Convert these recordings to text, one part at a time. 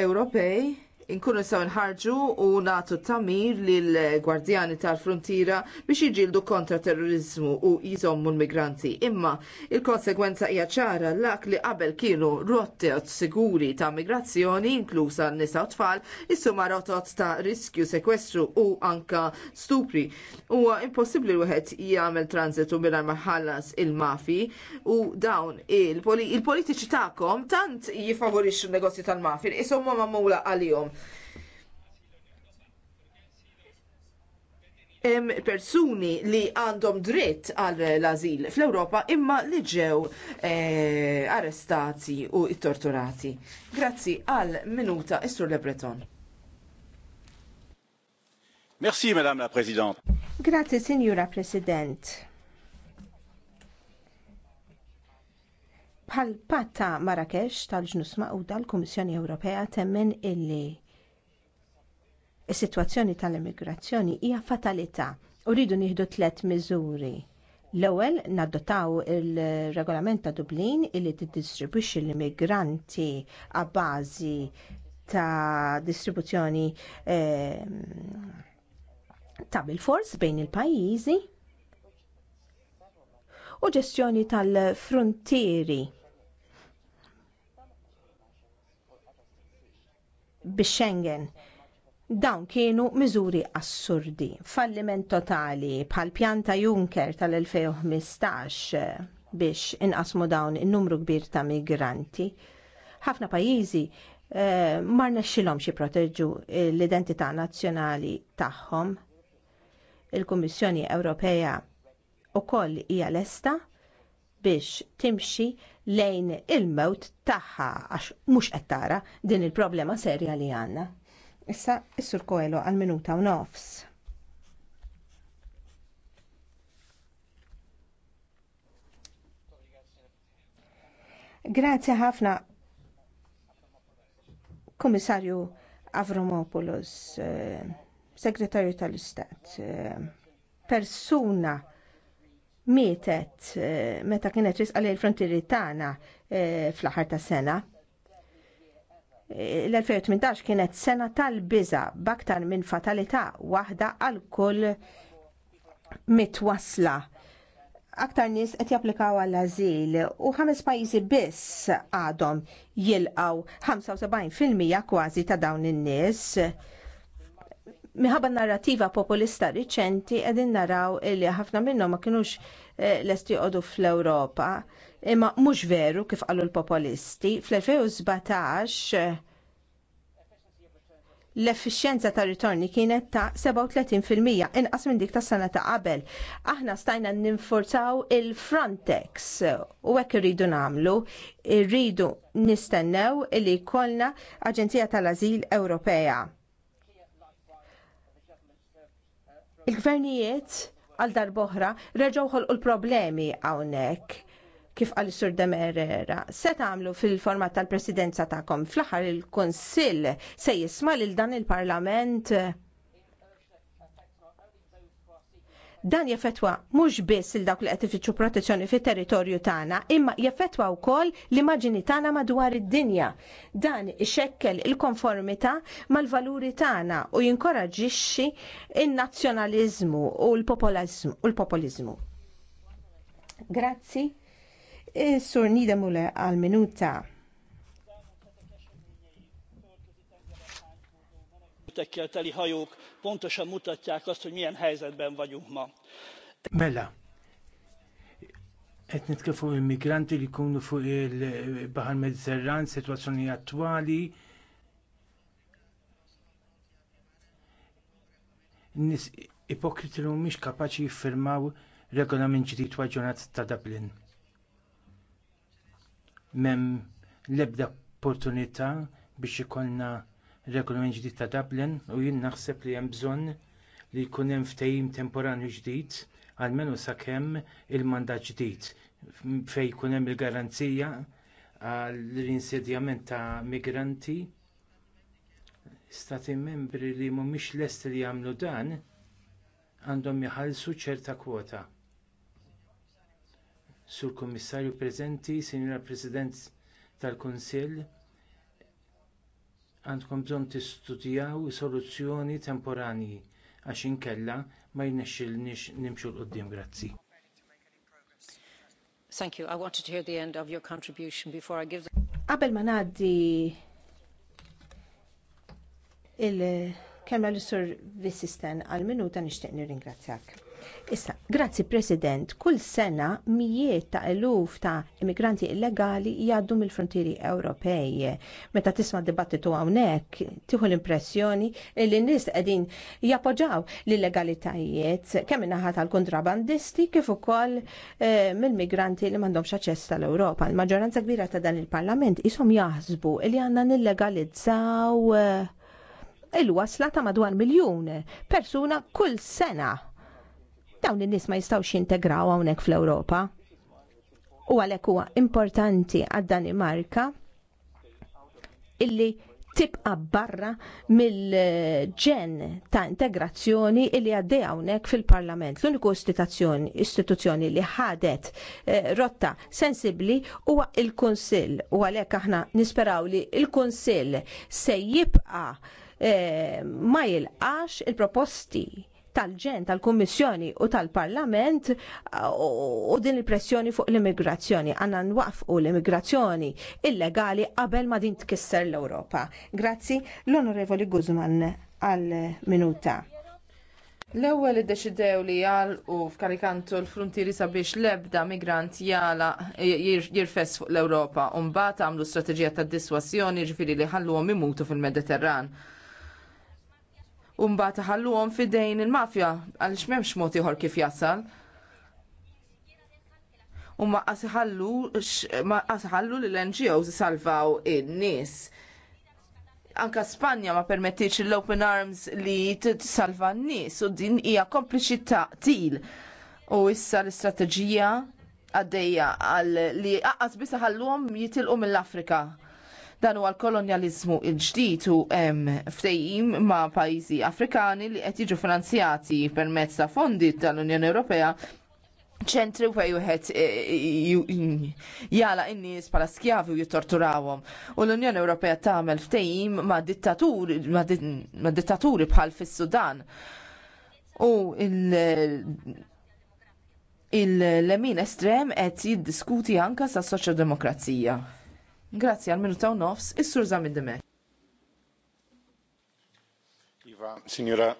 Ewropej inkunu sew nħarġu u natu tamir lil gwardjani tal-frontiera biex jiġildu kontra terrorizmu u jizommu l-migranti. Imma il-konsekwenza hija ċara l-ak li qabel kienu rottot siguri ta' migrazzjoni inklusa nisa u tfal, ma rotot ta' riskju sekwestru u anka stupri. Huwa impossibbli wieħed jagħmel transitu mingħajr ma maħallas il-mafi u dawn il-politiċi il tagħkom tant jifavorixxu n-negozju tal-mafi, ishom ma mamula għalihom. hemm persuni li għandhom dritt għal l-azil fl-Ewropa imma li ġew eh, arrestati u torturati. Grazzi għal minuta Istur Le Breton. Merci, Madame la Présidente. Grazie, Signora President. Bħal patta Marrakesh tal-ġnus maquda l-Kummissjoni Ewropea temmen illi Is-sitwazzjoni tal-immigrazzjoni hija fatalità u rridu nieħdu tliet miżuri. L-ewwel nadottaw il-regolament ta' Dublin illi tiddistribwixxi l-immigranti għabbażi ta' distribuzzjoni eh, ta' bil-fors bejn il-pajjiżi u ġestjoni tal-frontieri. bix Schengen Dawn kienu miżuri assurdi, falliment totali bħal pjanta Juncker tal-2015 biex inqasmu dawn in-numru kbir ta' migranti. Ħafna pajjiżi eh, mar nexxilhom xi proteġġu l-identità nazzjonali tagħhom. Il-Kummissjoni Ewropea wkoll hija lesta biex timxi lejn il-mewt tagħha għax mhux qed tara din il-problema serja li għandna. Issa is-sur Koelo għal minuta u nofs. Grazie ħafna, Komissarju Avramopoulos, eh, Segretarju tal-Istat, eh, persuna mietet eh, meta kienet risqa li frontieri tagħna fl-aħħar ta' sena l-2018 kienet sena tal-biża b'aktar minn fatalità waħda għal kull mitwasla. Aktar nies qed japplikaw għal ażil u ħames pajjiżi biss għadhom jilqgħu 75% kważi ta' dawn in-nies. Minħabba narrativa populista riċenti qegħdin naraw li ħafna minnhom ma kinux eh, lesti joqogħdu fl-Ewropa. Imma mhux veru kif qalu l-popolisti, fl-2017 l-effiċjenza ta' ritorni kienet ta' 37% inqas minn dik tas sena ta' qabel. Aħna stajna ninforzaw il-Frontex u hekk irridu nagħmlu, irridu nistennew li jkollna Aġenzija tal-Ażil Ewropea. Il-gvernijiet għal darboħra reġgħu ħolqu l-problemi hawnhekk kif għal sur Demerera, se tagħmlu fil-format tal-presidenza tagħkom fl-aħħar il-Kunsill se jisma' lil dan il-Parlament dan jeffettwa mhux biss il dawk li qed ifittxu protezzjoni fit-territorju tagħna, imma jeffettwa wkoll l-immaġini tagħna madwar id-dinja. Dan ixekkel il-konformità mal-valuri tagħna u jinkoraġixxi in-nazzjonaliżmu u l populiżmu Grazzi. Is-sur Nida Mule għal-minuta. pontosan mutatják azt, hogy milyen helyzetben vagyunk ma. Mela, qed nitka fuq immigranti li kunu fuq il bahar Mediterran, sitwazzjoni attwali. Nis ipokriti li mhumiex kapaċi jiffirmaw regolament ġdid ta' Dublin Mem l-ebda opportunità biex ikollna regolament ġdid ta' Dublin u jien naħseb li hemm bżonn li jkun hemm ftehim temporanju ġdid għalmenu sakemm il-mandat ġdid fejn jkun hemm il-garanzija għall-insedjament ta' migranti stati membri li mhumiex lesti li jagħmlu dan għandhom jħallsu ċerta kwota Sur Kummissarju preżenti, Sinjura President tal-Kunsill, għandkom bżonn tistudjaw soluzzjoni temporanji għax inkella ma jnexxilniex nimxu l qudiem grazzi. Thank you. I wanted to hear the end of your contribution before I give the... Qabel ma ngħaddi il-kemma l-sur Vissisten għal-minuta nixtieq nirringrazzjak. Issa, grazzi President, kull sena mijiet ta' eluf ta' immigranti illegali jgħaddu mill-frontieri Ewropej. Meta tisma' dibattitu hawnhekk, tieħu l-impressjoni li n-nies qegħdin jappoġġaw l-illegalitajiet kemm in-naħa tal-kontrabandisti kif ukoll eh, mill-migranti li m'għandhomx aċċess tal-Ewropa. Il-maġġoranza kbira ta' dan il-Parlament ishom jaħsbu li għandna nillegalizzaw eh, il-wasla ta' madwar miljun persuna kull sena dawn in-nies ma jistgħux jintegraw hawnhekk fl-Ewropa. U għalhekk huwa importanti għad-Danimarka illi tibqa barra mill-ġen ta' integrazzjoni illi għaddej hawnhekk fil-Parlament. L-uniku istituzzjoni, li ħadet eh, rotta sensibli huwa il-Kunsill u għalhekk aħna nisperaw li il-Kunsill se jibqa eh, ma jilqax il-proposti tal-ġen, tal-Kummissjoni u tal-Parlament uh, u din il-pressjoni fuq l-immigrazzjoni. Għanna nwaqfu l-immigrazzjoni illegali qabel ma din tkisser l-Ewropa. Grazzi l-Onorevoli Guzman għal-minuta. L-ewwel deċidew li jgħalqu f'karikantu l-fruntieri sabiex l-ebda migrant jgħala jirfess fuq l-Ewropa u mbagħad għamlu strategija tad-diswazzjoni ġifiri li għom imutu fil-Mediterran u mbagħad ħalluhom fidejn il-mafja għaliex m'hemmx mod ieħor kif jasal u ma qasħallu l-NGOs salvaw in-nies. Anka Spanja ma permettiċ l-Open Arms li t-salva n-nies u din hija kompliċi til. U issa l-istrateġija għaddejja għal li għaqqas bisa ħallum jitilqu mill-Afrika. Dan huwa l-kolonjaliżmu l ġdid u hemm ftehim ma' pajjiżi Afrikani li qed jiġu finanzjati permezz ta' fondi tal-Unjoni Ewropea ċentri u fej uħet e, e, jala innis pala skjavi u jittorturawom. U l-Unjoni Ewropea tagħmel ftehim ma' dittaturi bħal fis-Sudan. U il-lemin estrem qed jiddiskuti anka sa' soċjodemokrazija. Grazzi għal minuta u nofs, is-sur Zamid Iva, signora,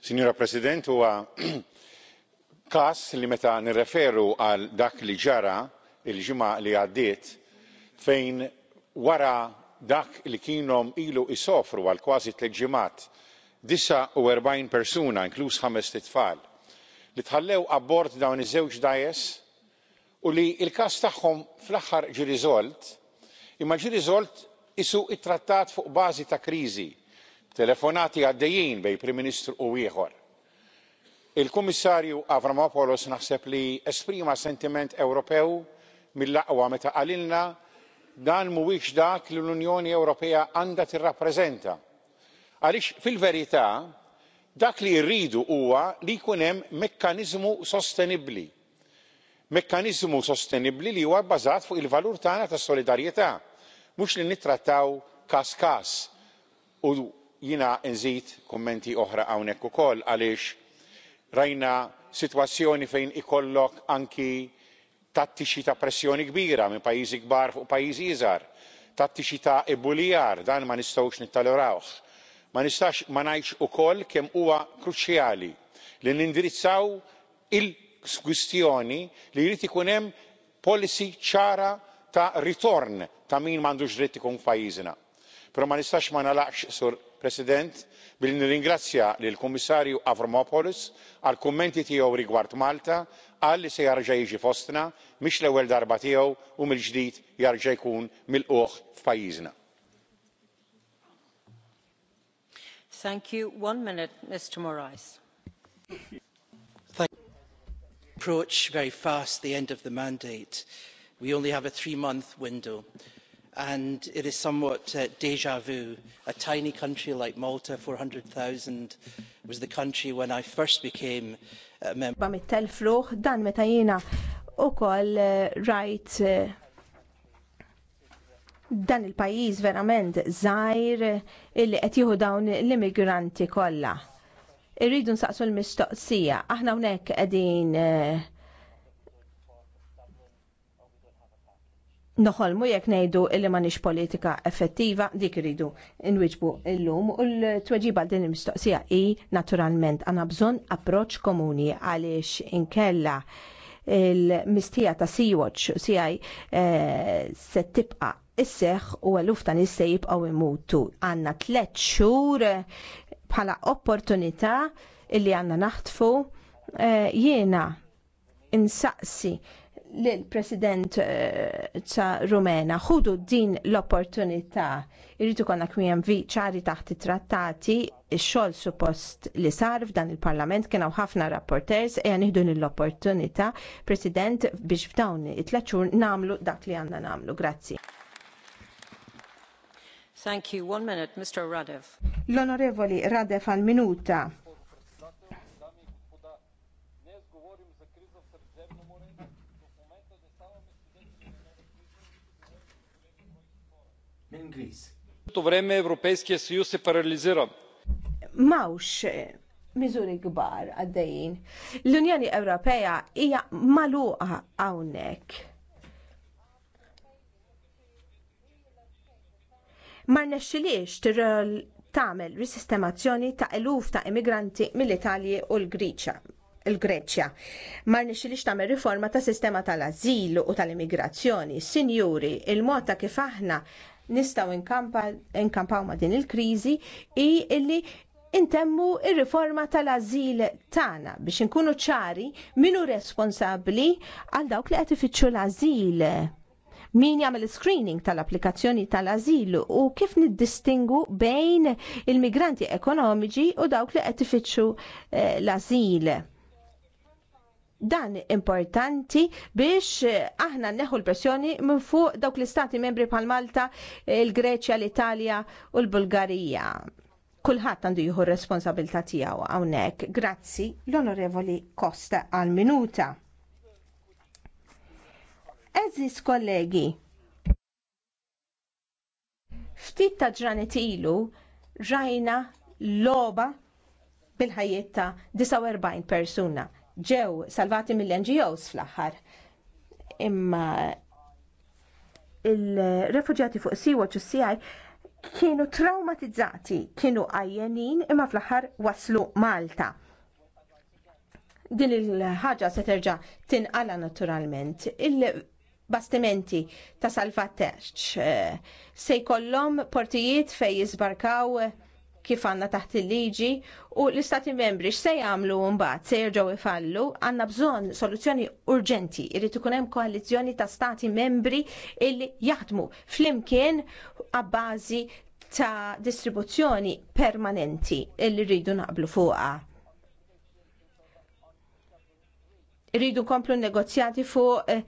signora President, huwa kas li meta nirreferu għal dak li ġara il-ġimgħa li għaddiet fejn wara dak li kienom ilu isofru għal kważi tliet ġimat disa' u erbajn persuna inkluż ħames tfal li tħallew abbord dawn iż-żewġ dajes u li l każ tagħhom fl-aħħar ġie riżolt imma ġie riżolt isuq it trattat fuq bażi ta' kriżi telefonati għaddejjin bejn prim ministru u ieħor. il kummissarju avramopoulos naħseb li esprima sentiment ewropew mill aqwa meta qalilna dan mhuwiex dak li l-unjoni ewropea għandha tirrappreżenta għaliex fil verità dak li rridu huwa li jkun hemm mekkaniżmu sostenibbli mekkaniżmu sostenibbli li huwa bbażat fuq il valur tagħna tas-solidarjetà mhux li nittrattaw każ każ u jiena nżid kummenti oħra hawnhekk ukoll għaliex rajna sitwazzjoni fejn ikollok anki tattixi ta' pressjoni kbira minn pajjiżi kbar fuq pajjiżi iżgħar tattixi ta' ebulijar dan ma nistgħux nittolerawh. ma nistax ma ngħidx ukoll kemm huwa kruċjali li nindirizzaw il kwistjoni li jrid ikun hemm policy ċara ta' ritorn ta' min m'għandux dritt ikun f'pajjiżna. però ma nistax ma nagħlaqx sur president billi nirringrazzja lill kummissarju avramopoulos għal kummenti tiegħu rigward malta qal li se jerġa' jiġi fostna mhix l-ewwel darba tiegħu u mill-ġdid jerġa' jkun milquh f'pajjiżna. approach very fast the end of the mandate we only have a three month window and it is somewhat uh, dj vu. A tiny country like Malta, four hundred 400,000, was the country when I first became a member. Mittel fluħ dan meta jiena u koll uh, rajt uh, dan il-pajjiż verament żgħir illi qed jieħu dawn l-immigranti kollha. Irridu nsaqsu l-mistoqsija, aħna hawnhekk qegħdin uh, noħolmu jekk ngħidu li nix politika effettiva dik iridu nwiġbu llum u l-tweġiba din il-mistoqsija hi naturalment għandna bżonn approċċ komuni għaliex inkella il-mistija ta' Sea-Watch CI eh, se tibqa' isseħ u għaluf ta' nisse jibqaw imutu. Għanna tlet xhur bħala opportunità illi għanna naħtfu eh, jiena insaqsi l-President eh, ta' Rumena, ħudu din l-opportunità irritu konna kmiem vi ċari taħt trattati xol suppost li sar f'dan il-Parlament kena ħafna rapporters e għanihdu l-opportunità, President, biex f'dawn it laċur namlu dak li għanna namlu. Grazzi. Thank you. One minute, Mr. Radev. L-Onorevoli Radev għal minuta. minn Gris. se paralizira. Mawx eh, miżuri kbar għaddejjin. L-Unjoni Ewropea hija magħluqa hawnhekk. Ma rnexxiliex tagħmel risistemazzjoni ta' eluf ta' immigranti mill-Italji u l-Griċa il-Greċja. Mar nixilix tamer riforma ta' sistema tal-azil u tal-immigrazzjoni. Sinjuri, il-mod ta' kif aħna nistaw inkampaw ma din il-krizi i illi intemmu il riforma tal-azil tagħna biex inkunu ċari minu responsabbli għal dawk li qed fitxu l-azil min jagħmel screening tal-applikazzjoni tal-azil u kif niddistingu bejn il-migranti ekonomiċi u dawk li qed fitxu eh, l-azil dan importanti biex eh, aħna neħu l-pressjoni minn fuq dawk l-istati membri bħal Malta, eh, il-Greċja, l-Italja u l-Bulgarija. Kulħadd għandu jieħu r-responsabilità tiegħu hawnhekk. Grazzi l-Onorevoli Costa għal minuta. Eżis kollegi, ftit ta' ġranet ilu rajna loba bil-ħajiet ta' 49 persuna ġew salvati mill-NGOs fl-aħħar. Imma il-refugjati fuq Sea-Watch u CI kienu traumatizzati, kienu għajjenin imma fl-aħħar waslu Malta. Din il-ħaġa se terġa' tinqala naturalment. Il-bastimenti ta' salvataġġ eh, se jkollhom portijiet fejn jisbarkaw kif għanna taħt il-liġi u l-istati membri x'se jagħmlu mbagħad se jerġgħu ifallu, għandna bżonn soluzzjoni urġenti. Irid ikun hemm ta' stati membri illi jaħdmu flimkien għabbażi ta' distribuzzjoni permanenti illi rridu naqblu fuqha. Rridu komplu negozjati fuq eh,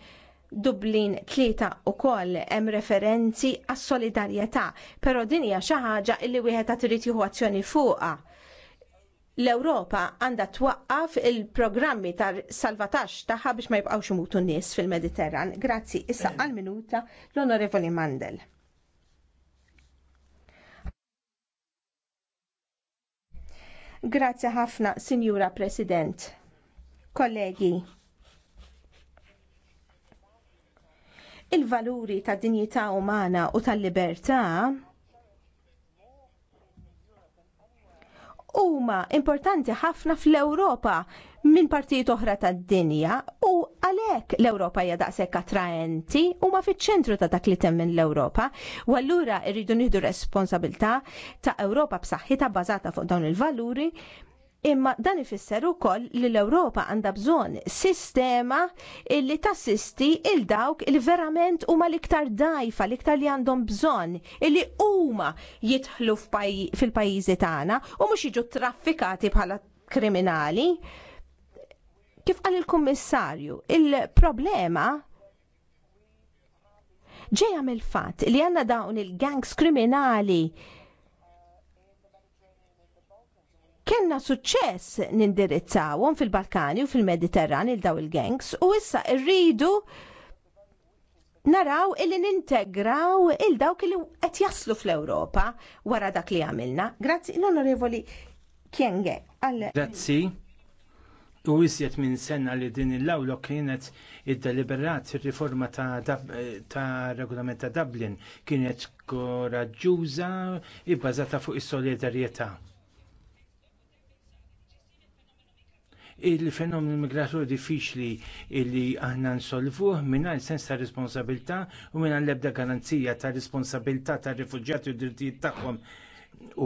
Dublin tlieta wkoll hemm referenzi għas solidarjetà però din hija xi ħaġa li wieħed qed irid jieħu azzjoni fuqha. L-Ewropa għandha twaqqaf il-programmi ta' salvataġġ tagħha biex ma jibqgħux imutu nies fil-Mediterran. Grazzi, issa għall minuta l-Onorevoli Mandel. Grazzi ħafna, Sinjura President. Kollegi, il-valuri ta' dinjità umana u tal-libertà huma importanti ħafna fl-Ewropa minn partijiet oħra tad-dinja u għalhekk l-Ewropa hija daqshekk attraenti huma fiċ-ċentru ta' dak li temmen l-Ewropa u allura rridu nieħdu responsabilità ta' Ewropa b'saħħitha bbażata fuq dawn il-valuri Imma dan ifisser ukoll li l-Ewropa għandha bżonn sistema li tassisti il dawk il verament huma l-iktar dajfa, l-iktar li għandhom bżonn illi huma jidħlu fil-pajjiżi tagħna u mhux jiġu traffikati bħala kriminali. Kif qal il-Kummissarju, il-problema ġejja mill-fatt li għandna dawn il-gangs kriminali Kenna suċċess nindirizzawhom fil-Balkani u fil-Mediterran il daw il-gangs u issa rridu naraw illi nintegraw il dawk li qed jaslu fl-Ewropa wara dak li għamilna. Grazzi l-Onorevoli Kienge. Grazzi. U jisjet minn senna li din il-lawlo kienet id-deliberat il-riforma ta', ta regolament ta' Dublin kienet koraġġuża ibbażata fuq is-solidarjetà il fenomenu migratorju diffiċli li aħna nsolvuh mingħajr sens ta' responsabilità u mingħajr l-ebda garanzija ta' responsabilità tar rifuġjati u drittijiet tagħhom. U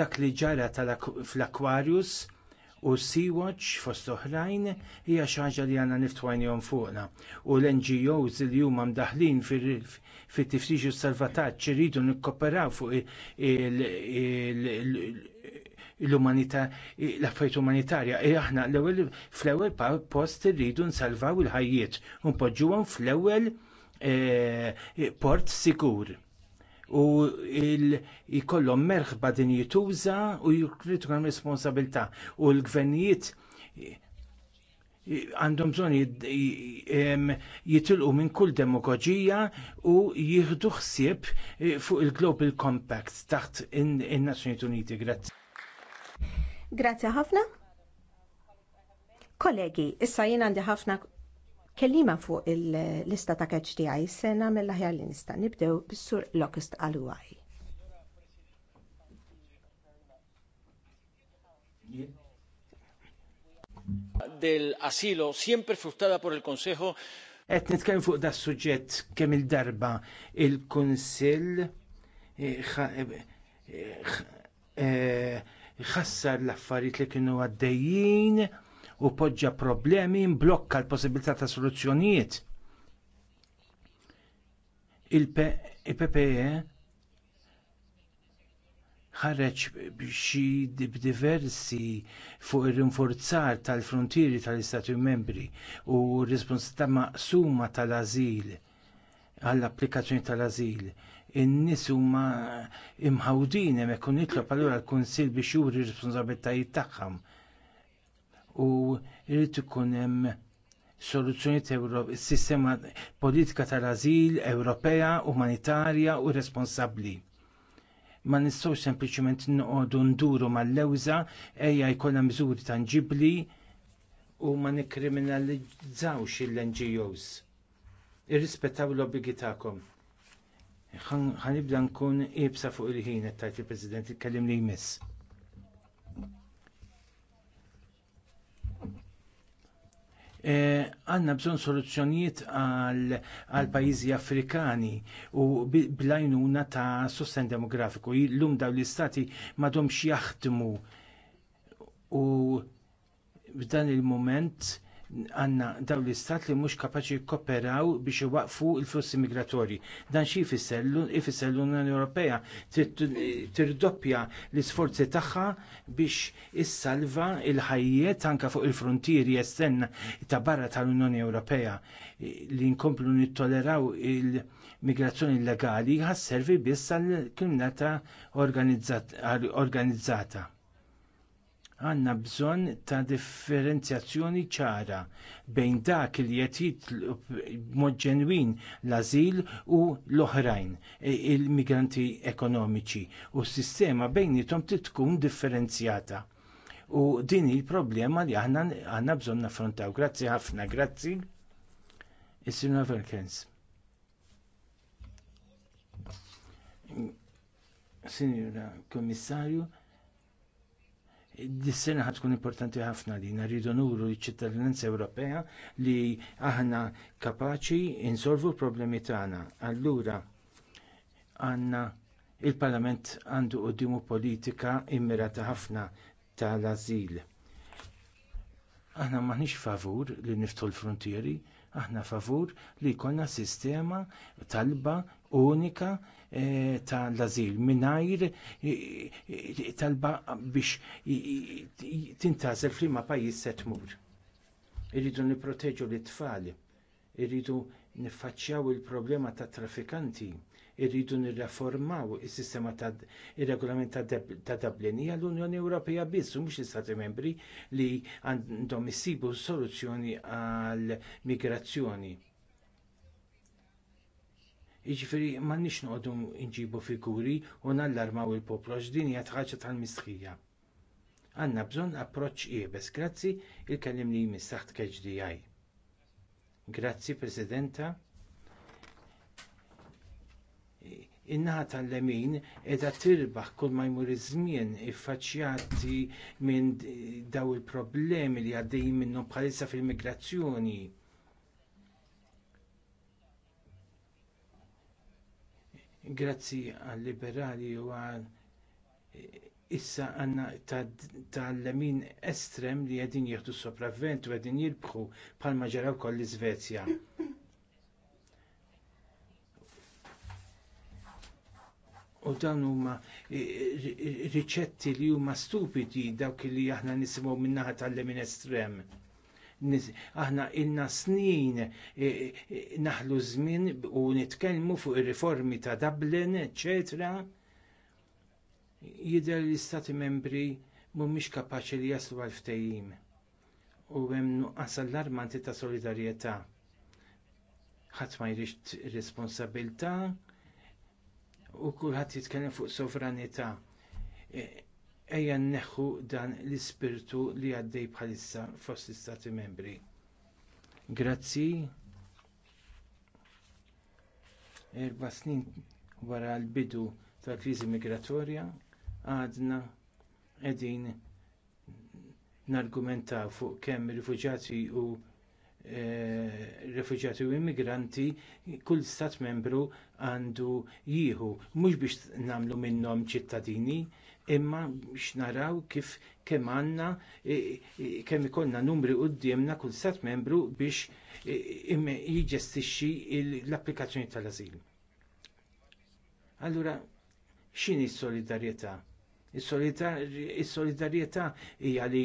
dak li ġara fl-Aquarius u Sea-Watch fost oħrajn hija xi ħaġa li għandna niftwajnihom fuqna. U l-NGOs li huma mdaħlin fit-tiftix u s salvataġġ iridu nikkoperaw fuq il- l-umanità l-affarijiet umanitarja. E aħna l-ewwel fl-ewwel post irridu nsalvaw il-ħajjiet u npoġġuhom fl-ewwel eh, port sikur u jkollhom merħba din jituża u jkritu hemm responsabilità u l-gvernijiet eh, għandhom bżonn jitilqu minn kull demagogija u jieħdu ħsieb eh, fuq il-Global Compact taħt in-Nazzjonijiet Uniti. Grazzi. Grazie ħafna. Kollegi, issa jien għandi ħafna kellima fuq il-lista ta' catch tiegħi se nagħmel l lista nibdew bis-sur Lokist Alwaj. del asilo siempre frustrada por el Consejo. Et nitkellem fuq da suġġett kemm il-darba il-Kunsill eh, eh, eh, ħassar l-affarijiet li kienu għaddejjin u poġġa problemi mblokka l-possibilità ta' soluzzjonijiet. Il-PPE ħareġ b'xi diversi fuq ir-rinforzar tal-frontieri tal-Istati Membri u r responsabilità maqsuma tal-azil għall-applikazzjoni tal-azil in-nies huma imħawdin hemm ikun nitlob allura l-Kunsill biex juri r-responsabbiltajiet tagħhom. U jrid ikun hemm soluzzjonijiet sistema politika tal-ażil Ewropea, umanitarja u responsabbli ma nistgħux sempliċement noqogħdu nduru mal-lewża ejja jkollha miżuri tanġibbli u ma nikkriminalizzawx il-NGOs. Irrispettaw l-obbligi tagħkom ħanibda nkun ibsa fuq il-ħin tajt il-President il-kellim li jmiss. Eh, għanna bżon soluzzjonijiet għal pajizi afrikani u blajnuna ta' sosten demografiku. L-lum daw l-istati madomx jaħdmu u b'dan il-moment għanna dawn l-istat li mhux kapaċi jikkoperaw biex iwaqfu l-flussi migratorji. Dan xi jfisser l-Unjoni Ewropea tirdoppja l-isforzi tagħha biex issalva il-ħajjiet anke fuq il-frontieri esterna ta' barra tal-Unjoni Ewropea li nkomplu nittoleraw il- migrazzjoni illegali ħasservi biss għall kriminalità organizzata għandna bżonn ta' differenzjazzjoni ċara bejn dak li qed jitlob b'mod ġenwin l-ażil u l-oħrajn e, il-migranti ekonomiċi u s-sistema bejnietom tkun differenzjata. U din il-problema li aħna għandna bżonn naffrontaw. Grazzi ħafna, grazzi. Is-Sinna Verkens. Signora Kommissarju, dis-sena ħad tkun importanti ħafna li naridu nuru l-ċittadinanza Ewropea li aħna kapaċi insolvu l-problemi tagħna. Allura għandna il-Parlament għandu qudiemu politika immirata ħafna tal-azil. Aħna maħniex favur li niftu l-frontieri, aħna favur li jkollna sistema talba unika eh, tal-azil mingħajr eh, eh, talba biex tintażel f'liema pajjiż se tmur. Irridu nipproteġu l-tfal, irridu niffaċċjaw il-problema tat traffikanti, irridu nirreformaw is-sistema ta' ir-regolament ta' Dublin hija l-Unjoni Ewropea biss u mhux l-Istati Membri li għandhom issibu soluzzjoni għall migrazzjoni Jiġifieri m'għandniex noqogħdu nġibu figuri u nallarmaw il-poplu għax din hija ħaġa tal-mistħija. Għandna bżonn approċċ qiebes. Grazzi il-kellim li jmiss taħt KHDI. Grazzi Presidenta. in tal-lemin qiegħda tirbaħ kull ma jmur iż-żmien iffaċċjati minn daw il-problemi li għaddej minnhom bħalissa fil-migrazzjoni Grazzi għal-liberali u għal issa għanna tal-lemin estrem li għedin jieħdu sopravvent u għedin jirbħu bħalma ġaraw koll l-Svezja. U dan huma riċetti li huma stupidi dawk li aħna nisimgħu min-naħa tal-lemin estrem aħna inna snin e, e, naħlu żmien u nitkellmu fuq ir-riformi ta' Dublin, etc. Jidher li l-istati membri mhumiex kapaċi li jaslu għal ftehim u hemm nuqqas allarmanti ta' solidarjetà. Ħadd ma jrix responsabilità u kulħadd jitkellem fuq sovranità e, ejja nneħħu dan l-ispirtu li għaddej bħalissa fost l-Istati membri. Grazzi. Erba snin wara l-bidu tal kriżi migratorja għadna qegħdin nargumentaw fuq kemm rifuġjati u e, u immigranti kull stat membru għandu jieħu mhux biex nagħmlu minnhom ċittadini imma biex naraw kif kemm għandna e, e, kemm ikollna numri qudiemna kull stat membru biex e, jiġestixxi l-applikazzjoni tal-ażil. Allura x'inhi s-solidarjetà? Is-solidarjetà hija li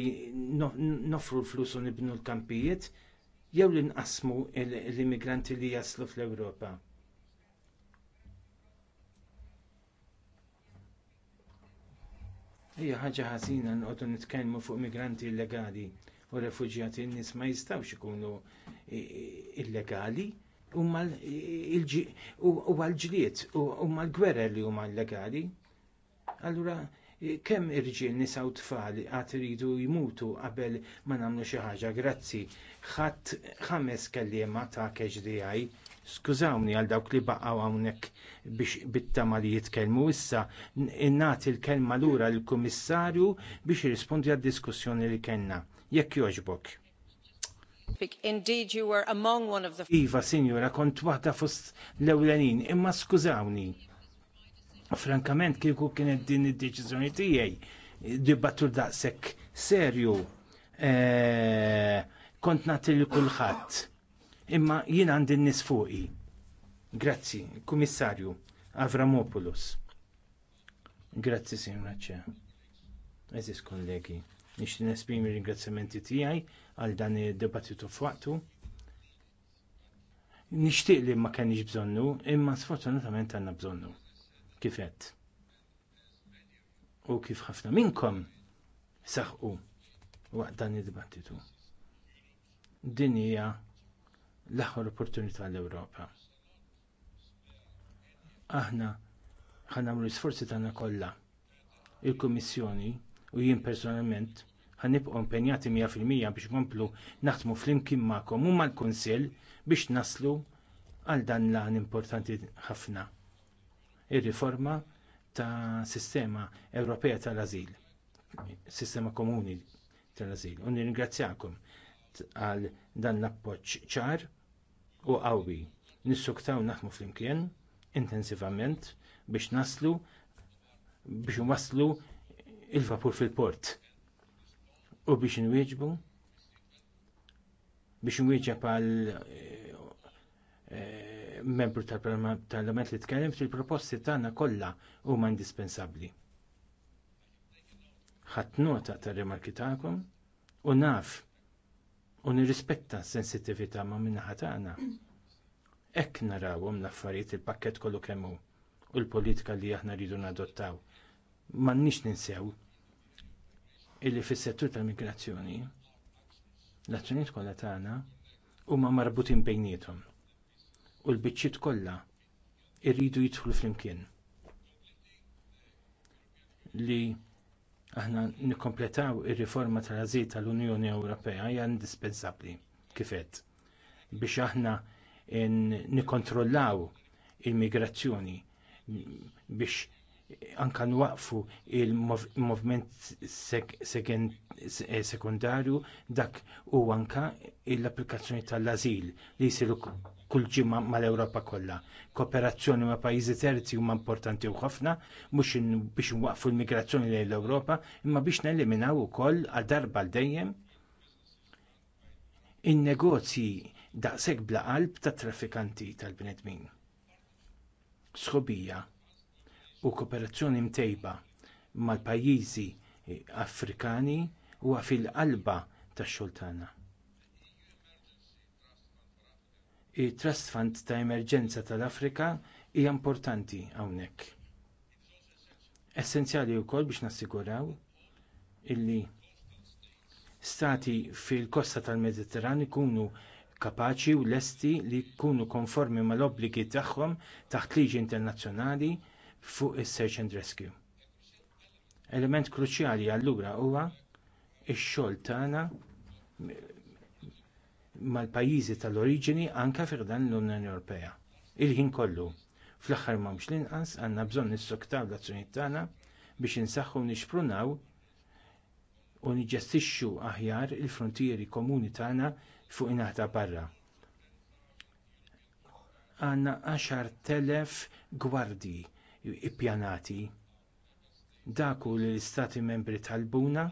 nofru l-flus u nibnu l-kampijiet jew li nqasmu l-immigranti li jaslu fl-Ewropa Hija ħaġa ħażina nqogħdu nitkellmu fuq migranti illegali u refuġjati n-nies ma jistgħux ikunu illegali u l ġliet u l gwerra li huma illegali. Allura kemm irġiel nisa u tfal għad iridu jmutu qabel ma nagħmlu xi ħaġa. Grazzi. Ħadd ħames kelliema ta' HDI Skużawni għal dawk li baqgħu hawnhekk biex bittama li jitkellmu issa innat il-kelma lura l-Kummissarju biex jirrispondi għad-diskussjoni li kellna. Jekk jogħġbok. Iva, sinjura, kont waħda fost l-ewlenin, imma skużawni Frankament, kieku kienet din id-deċiżjoni tiegħi dibattu daqshekk serju e, kont nagħti lil kulħadd. Imma jien għandi n-nies fuqi. Grazzi, Kummissarju Avramopoulos. Grazzi, Simra Ċe. Eżis kollegi, nix nesprimi ringrazzjamenti tiegħi għal dan id-dibattitu f'waqtu nixtieq li ma kenniex bżonnu, imma sfortunatament għandna bżonnu kifet. U kif ħafna minnkom saħqu waqt dan id-dibattitu. Din hija l-aħħar opportunità l-Ewropa. Aħna ħanamlu l sforzi tagħna kollha. Il-Kummissjoni u jien personalment ħanibqgħu impenjati 100% biex komplu naħdmu flimkien magħkom u mal-Kunsill biex naslu għal dan l-għan importanti ħafna ir-riforma tas sistema Ewropea tal ażil sistema komuni tal ażil U nirringrazzjakom għal dan l-appoġġ ċar u qawwi. Nissuktaw naħmu flimkien intensivament biex naslu biex waslu il-vapur fil-port u biex nwieġbu biex nwieġeb għal eh, membru tal-Parlament li tkellem fil-proposti tagħna kollha huma indispensabbli. Ħadd nota tar-rimarki tagħkom u naf u nirrispetta s-sensittività ma' minnaħa tagħna. Hekk narawhom l-affarijiet il-pakkett kollu kemm hu u l-politika li aħna rridu nadottaw. M'għandniex ninsew illi fis-settur tal-migrazzjoni l-azzjonijiet kollha tagħna huma marbutin bejniethom u l-biċċiet kollha irridu jidħlu flimkien. Li aħna nikkompletaw ir-riforma tal għażiet tal-Unjoni Ewropea hija indispensabbli kif għedt biex aħna nikkontrollaw il-migrazzjoni biex anka nwaqfu il-movement eh, sekundarju dak u anka l-applikazzjoni tal-azil li jsiru kull ġimma mal-Ewropa kollha. Kooperazzjoni ma' pajjiżi terzi huma importanti u ħafna mhux biex nwaqfu l-migrazzjoni lejn l-Ewropa, imma biex neliminaw ukoll għal darba l dejjem in-negozji daqshekk bla qalb tat traffikanti tal-bnedmin. Sħobija u kooperazzjoni mtejba mal-pajjiżi eh, Afrikani huwa fil-qalba tax-xogħol tagħna. Il-Trust Fund ta' Emerġenza tal-Afrika hija importanti hawnhekk. Essenzjali wkoll biex nassiguraw illi stati fil-kosta tal-Mediterran ikunu kapaċi u lesti li jkunu konformi mal obbligi tagħhom taħt liġi internazzjonali fuq is-search and rescue. Element kruċjali allura huwa x-xogħol tagħna mal-pajjiżi tal-oriġini anke dan l-Unjoni Ewropea. Il-ħin kollu. Fl-aħħar m'hawnx l-inqas għandna bżonn nissoktaw l-azzjonijiet tagħna biex insaħħu nixprunaw u niġġestixxu aħjar il-frontieri komuni tagħna fuq inaħta barra. Għandna 10,000 gwardji ippjanati. Daku li l-istati membri talbuna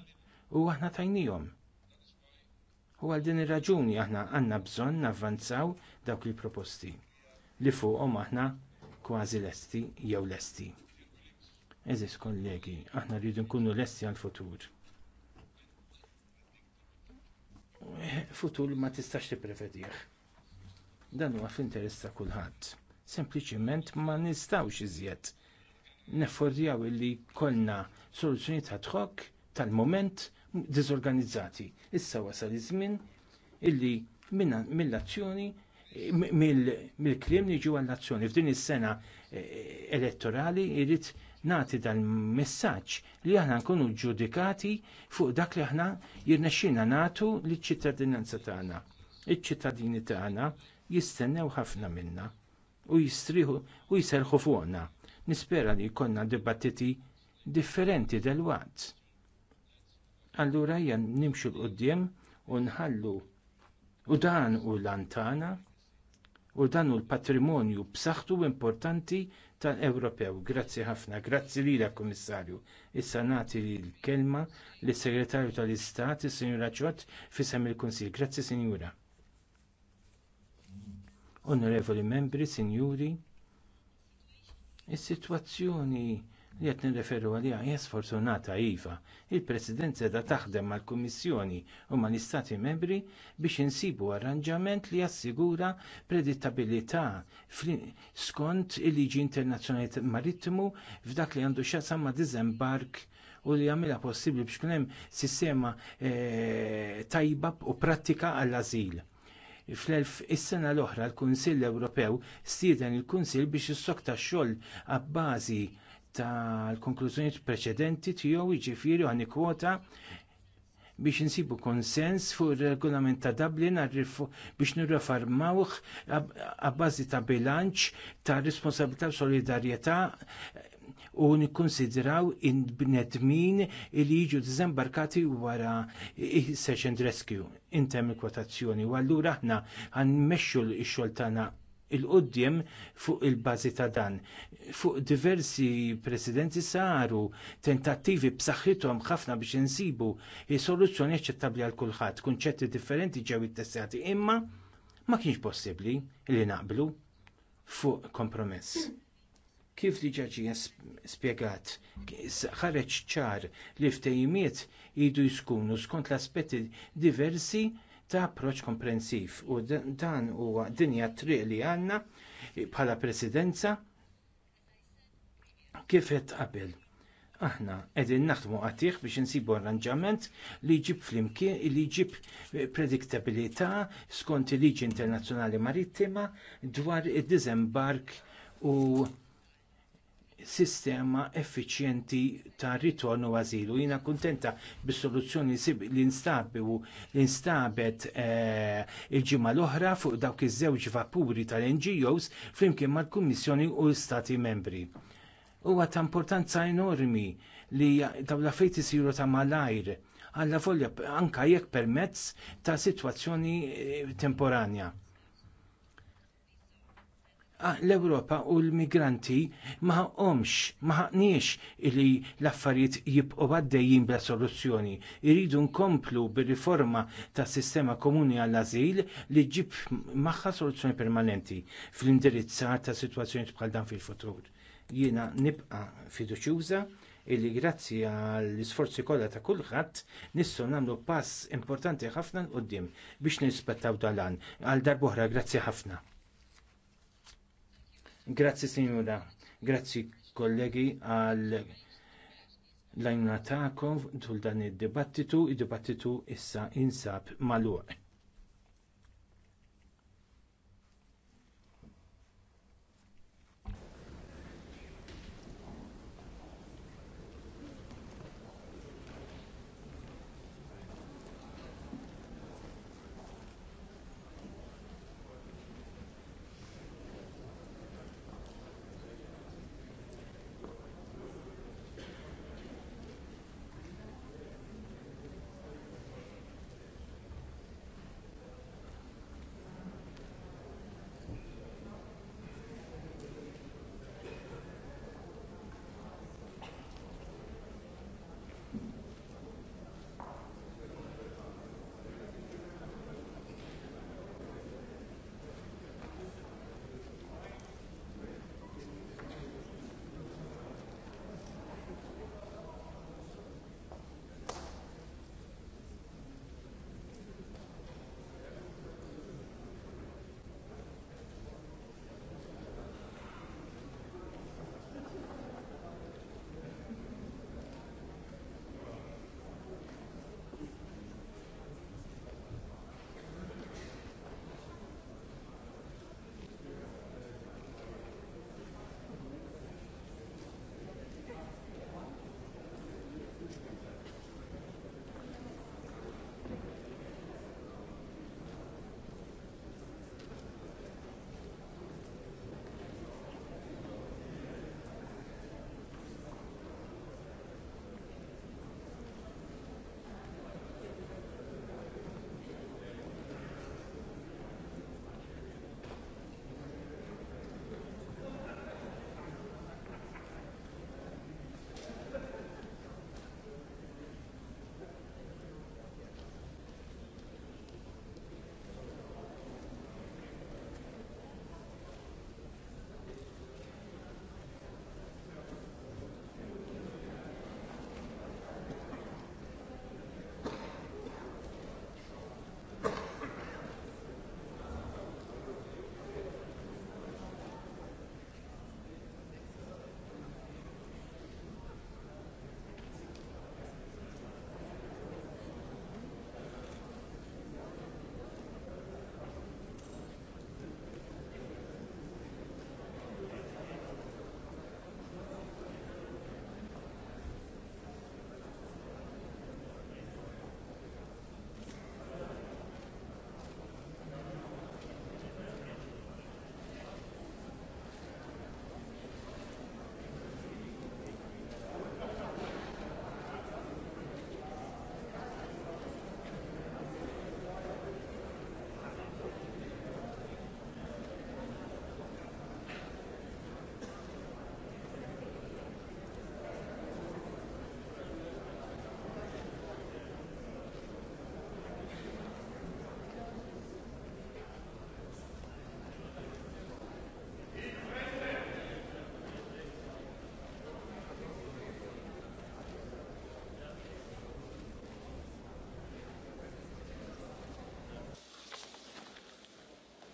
u aħna tajnijom. U għal din ir-raġuni aħna għandna bżonn navvanzaw dawk il-proposti li fuqhom aħna kważi lesti jew lesti. Eżis kollegi, aħna rridu nkunu lesti għall futur Futur ma tistax tipprevedih. Dan huwa fl-interess ta' kulħadd. Sempliċiment ma nistawx iżjed neffordjaw illi kolna soluzzjoni ta' tħok tal mument diżorganizzati. Issa wasal iż-żmien illi mill-azzjoni mill-kliem niġu għall-azzjoni. F'din is-sena eh, eh, elettorali jrid nagħti dal-messaġġ li aħna nkunu ġudikati fuq dak li aħna jirnexxina nagħtu l ċittadinanza tagħna. Iċ-ċittadini tagħna jistennew ħafna minna u jistriħu u jiserħu fuqna Nispera li jkollna dibattiti differenti delwaqt. Allura hija nimxu l-qudiem u nħallu u dan u l-antana u dan u l-patrimonju b'saħħtu importanti tal-Ewropew. Grazzi ħafna, grazzi lilek, Kummissarju. Issa nagħti l-kelma lis segretarju tal-Istat, is-Sinjura Ċott, fisem il-Kunsil. Grazzi, Sinjura. Onorevoli membri, Sinjuri, Is-sitwazzjoni li qed nirreferu għaliha hija sfortunata iva. Il-President seda taħdem mal-Kummissjoni u mal-Istati Membri biex insibu arranġament li jassigura predittabilità skont il-liġi internazzjonali marittimu f'dak li għandu x'jaqsam ma' diżembark u li jagħmilha possibbli biex kien hemm sistema e, tajba u prattika għall-ażil Fl-elf is-sena l-oħra l-Kunsill Ewropew stieden il-Kunsill biex is xogħol għabbażi tal-konklużjonijiet preċedenti tiegħu jiġifieri għandi kwota biex insibu konsens fuq ir regolament ta' Dublin biex nirreformawh għabbażi ta' bilanċ ta' responsabilità u solidarjetà u nikkonsidraw in-bnedmin li jiġu dizembarkati wara search and rescue intem il-kwotazzjoni u allura aħna għanmexxu l-xogħol tagħna il-qoddim fuq il-bażi ta' dan. Fuq diversi presidenti saru tentattivi b'saħħithom ħafna biex insibu soluzzjoni aċċettabbli għal kulħadd, kunċetti differenti ġew ittestjati imma ma kienx possibbli li naqblu fuq kompromess Kif li ġie spjegat, ħareġ ċar li ftejimiet idu jiskunu skont l-aspetti diversi ta' approċċ komprensiv u dan huwa dinja triq li għandna bħala presidenza kif qed qabel aħna qegħdin naħdmu għatiħ biex insibu arranġament li jġib flimkien, li jġib prediktabilità skont il-liġi internazzjonali marittima dwar id-dizembark u sistema effiċjenti ta' ritorn u għażilu. Jiena kuntenta bis-soluzzjoni li nstabiu li instabet eh, il-ġimgħa l-oħra fuq dawk iż-żewġ vapuri tal-NGOs flimkien mal-Kummissjoni u l-Stati membri. Huwa ta' importanza enormi li dawn l-affejt isiru ta' malajr għalla volja anka jekk permezz ta' sitwazzjoni eh, temporanja Ah, l-Ewropa u l-migranti ma omx, ma ħaqniex illi l-affarijiet jibqgħu għaddejjin bla soluzzjoni. Iridu nkomplu bir-riforma tas sistema komuni għall-azil li ġib magħha soluzzjoni permanenti fl-indirizzar ta' situazzjoni bħal dan fil-futur. Jiena nibqa fiduċjuża illi grazzi għall isforzi kollha ta' kulħadd nistgħu nagħmlu pass importanti ħafna l qudiem biex nirrispettaw dalan. Għal darbohra grazzi ħafna. Grazzi signora, grazzi kollegi għal lajna ta'kom tul dan id-dibattitu, id-dibattitu issa insab maluq.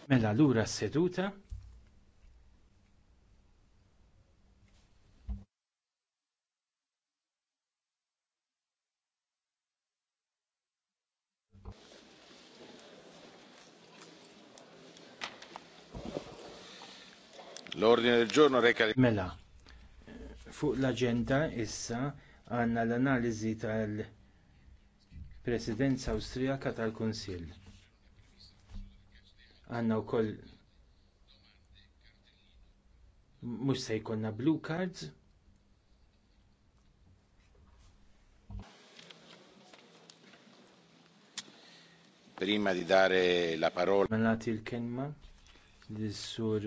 Mela lura s-seduta. L-ordine del giorno reca Mela, fuq l-agenda issa għanna l-analizi tal- Presidenza Awstrijaka tal-Kunsill għandna wkoll mhux se jkollna blue cards. Prima di dare la parola. Manati il-kelma l-sur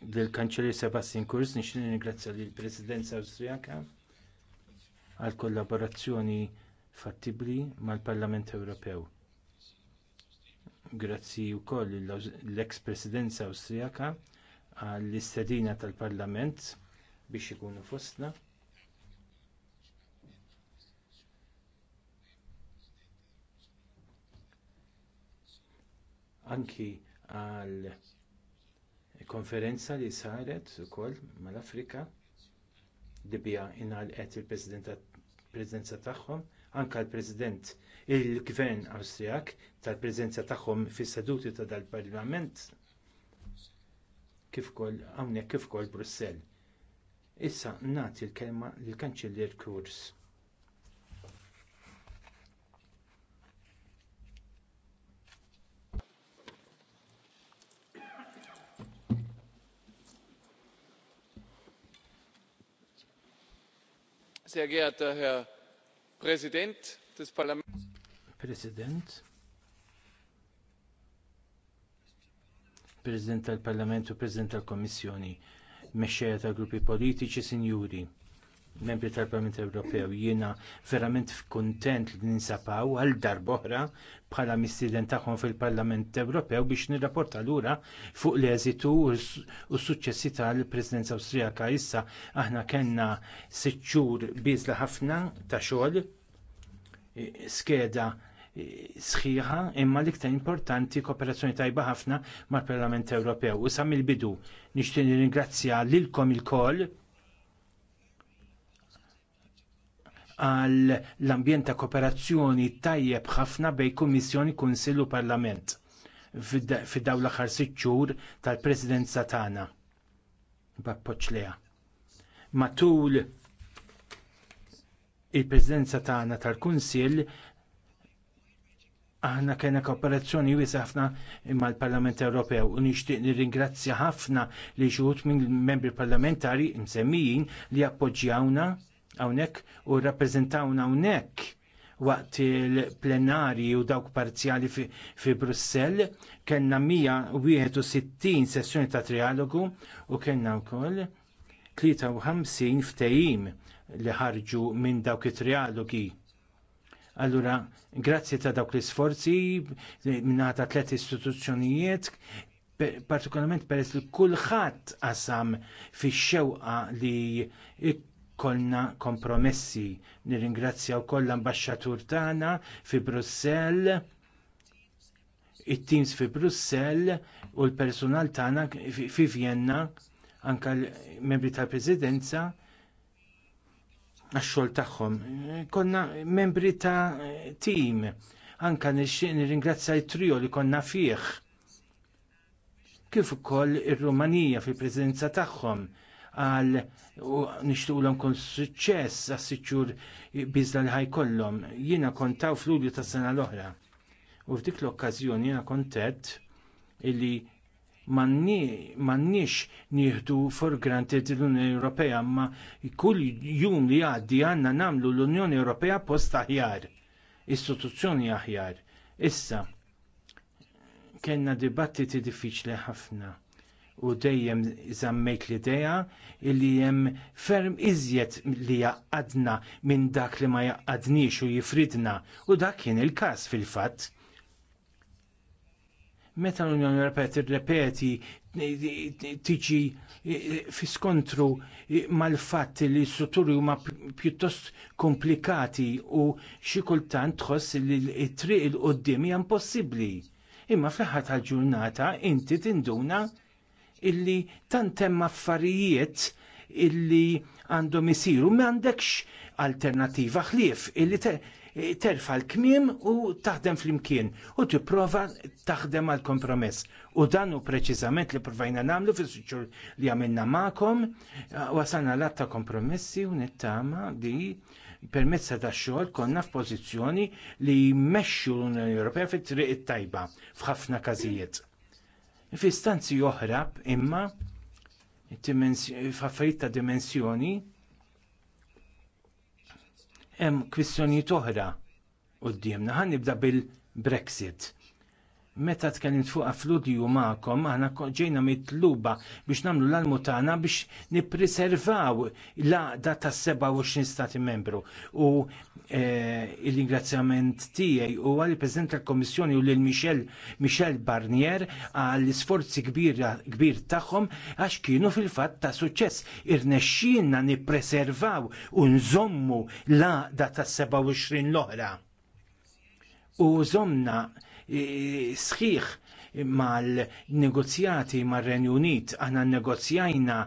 del-kanċellier Sebastian Kurz, nixin ringrazzja lill presidenza Awstrijaka għall kollaborazzjoni fattibbli mal-Parlament Ewropew Grazzi wkoll l-eks presidenza Awstrijaka għall-istedina tal-Parlament biex ikunu fostna. Anki għal konferenza li saret ukoll mal-Afrika Libja inqalqet il-presidenza tagħhom Anke l-President il-Gvern Awstrijak tal-preżenza tagħhom fis-seduti ta' dal-Parlament kif hawnhekk kif ukoll Brussell. Issa nagħti l-kelma lill-Kanċellier Kurz. Sehr geehrter Herr President des Parlaments. President. President tal-Parlament u President tal-Kommissjoni, mexxejja tal-gruppi politiċi, sinjuri membri tal-Parlament Ewropew, jiena verament kuntent li ninsapaw għal darboħra bħala mistiden tagħhom fil-Parlament Ewropew biex nirrapporta lura fuq l-eżitu u s-suċċessi tal-Presidenza Awstrijaka issa aħna kellna sitt xhur biżla ħafna ta' xogħol e, skeda e, sħiħa imma l-iktar importanti kooperazzjoni tajba ħafna mal-Parlament Ewropew. U sa mill-bidu nixtieq nirringrazzja lilkom il-koll għal l-ambjent ta' kooperazzjoni tajjeb ħafna bejn Kummissjoni, Kunsill u Parlament fid-daw l-aħħar sitt xhur tal-Presidenza tagħna. Matul il-Presidenza tagħna tal-Kunsill aħna kena kooperazzjoni wiesa ħafna mal-Parlament Ewropew u nixtieq nirringrazzja ħafna li xuħut minn membri parlamentari msemmijin li appoġġjawna hawnhekk u rappresentawna hawnhekk waqt il-plenari u dawk parzjali fi, fi Brussell kellna 161 sessjoni ta' trialogu u kellna wkoll 53 ftejim li ħarġu minn dawk it-trialogi. Allura, grazzi ta' dawk l-isforzi minna ta' tliet istituzzjonijiet partikolarment peress li kulħadd qasam fix-xewqa li Kollna kompromessi. Nirringrazzjaw koll l-ambasċatur tagħna fi Brussell, it-teams fi Brussell u l-personal tagħna fi Vienna, anke l-membri tal-Presidenza għax-xogħol tagħhom. Konna membri ta' tim. Anke nirringrazzja t-trio li konna fih. Kif ukoll ir-Rumanija fil presidenza tagħhom għal u nishtuqlom kon suċċess għas-sitxur bizla li ħajkollhom. Jiena kontaw fl-ulju ta' sena l-oħra. U f'dik l-okkażjoni jiena kontet illi m'għandniex nieħdu for granted l-Unjoni Ewropea, ma kull jum li għaddi għandna nagħmlu l-Unjoni Ewropea post aħjar, istituzzjoni aħjar. Issa, kena dibattiti diffiċli ħafna u dejjem zammejt l-idea illi jem ferm iżjed li jaqadna minn dak li ma jaqadnix u jifridna u dak kien il-kas fil-fatt. Meta l-Unjoni Ewropea tirrepeti tiġi e, e, fi skontru e, mal-fatt li s-suturi huma pjuttost komplikati u xi kultant tħoss li t-triq il-qoddim hija impossibbli. Imma fl-ħat tal-ġurnata inti tinduna illi tantem affarijiet illi għandhom isiru m'għandekx alternattiva ħlief illi terfa l-kmiem u taħdem fl-imkien u tipprova taħdem għal kompromess. U dan u preċizament li provajna namlu fis suċur li għamilna u uh, wasalna l-atta kompromessi u nittama di permezza da xogħol konna f'pożizzjoni li jmexxu l-Unjoni Ewropea fit-triq it-tajba f'ħafna każijiet. Fi stanzi joħrab imma f'affarijiet ta' dimensjoni hemm kwistjonijiet oħra quddiemna. Ħan nibda bil-Brexit. Meta tkellimt fuq affludju magħkom, aħna ġejna mitluba biex nagħmlu l-almu tagħna biex nippreservaw l-għaqda tas-27 stati membru u Eh, il-ingrazzjament tiegħi u għal il-President tal-Kommissjoni u lil Michel Michel Barnier għall isforzi kbir kbir tagħhom għax kienu fil-fatt ta' suċċess irnexxinna nippreservaw u nżommu l-għaqda tas-27 l-oħra. U żomna e, sħiħ mal-negozjati mar-Renju Unit, għana negozjajna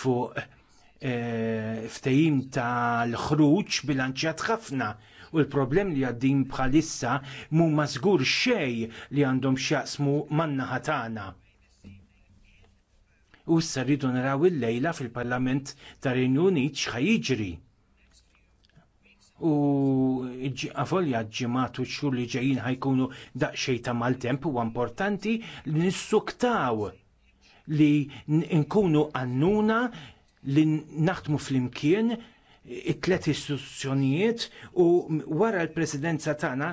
fuq Eh, ftehim l ħruġ bilanċjat ħafna u l-problem li għaddim bħalissa mu mażgur xej li għandhom xjaqsmu manna ħatana. U issa rridu naraw il-lejla fil-Parlament tar Unit x'ħajjiġri. U għavolja ġimatu xur li ġejjin ħajkunu daqxej ta' maltemp u importanti li nissuktaw li nkunu għannuna li naħdmu fl-imkien it-tlet istituzzjonijiet u wara l-presidenza tagħna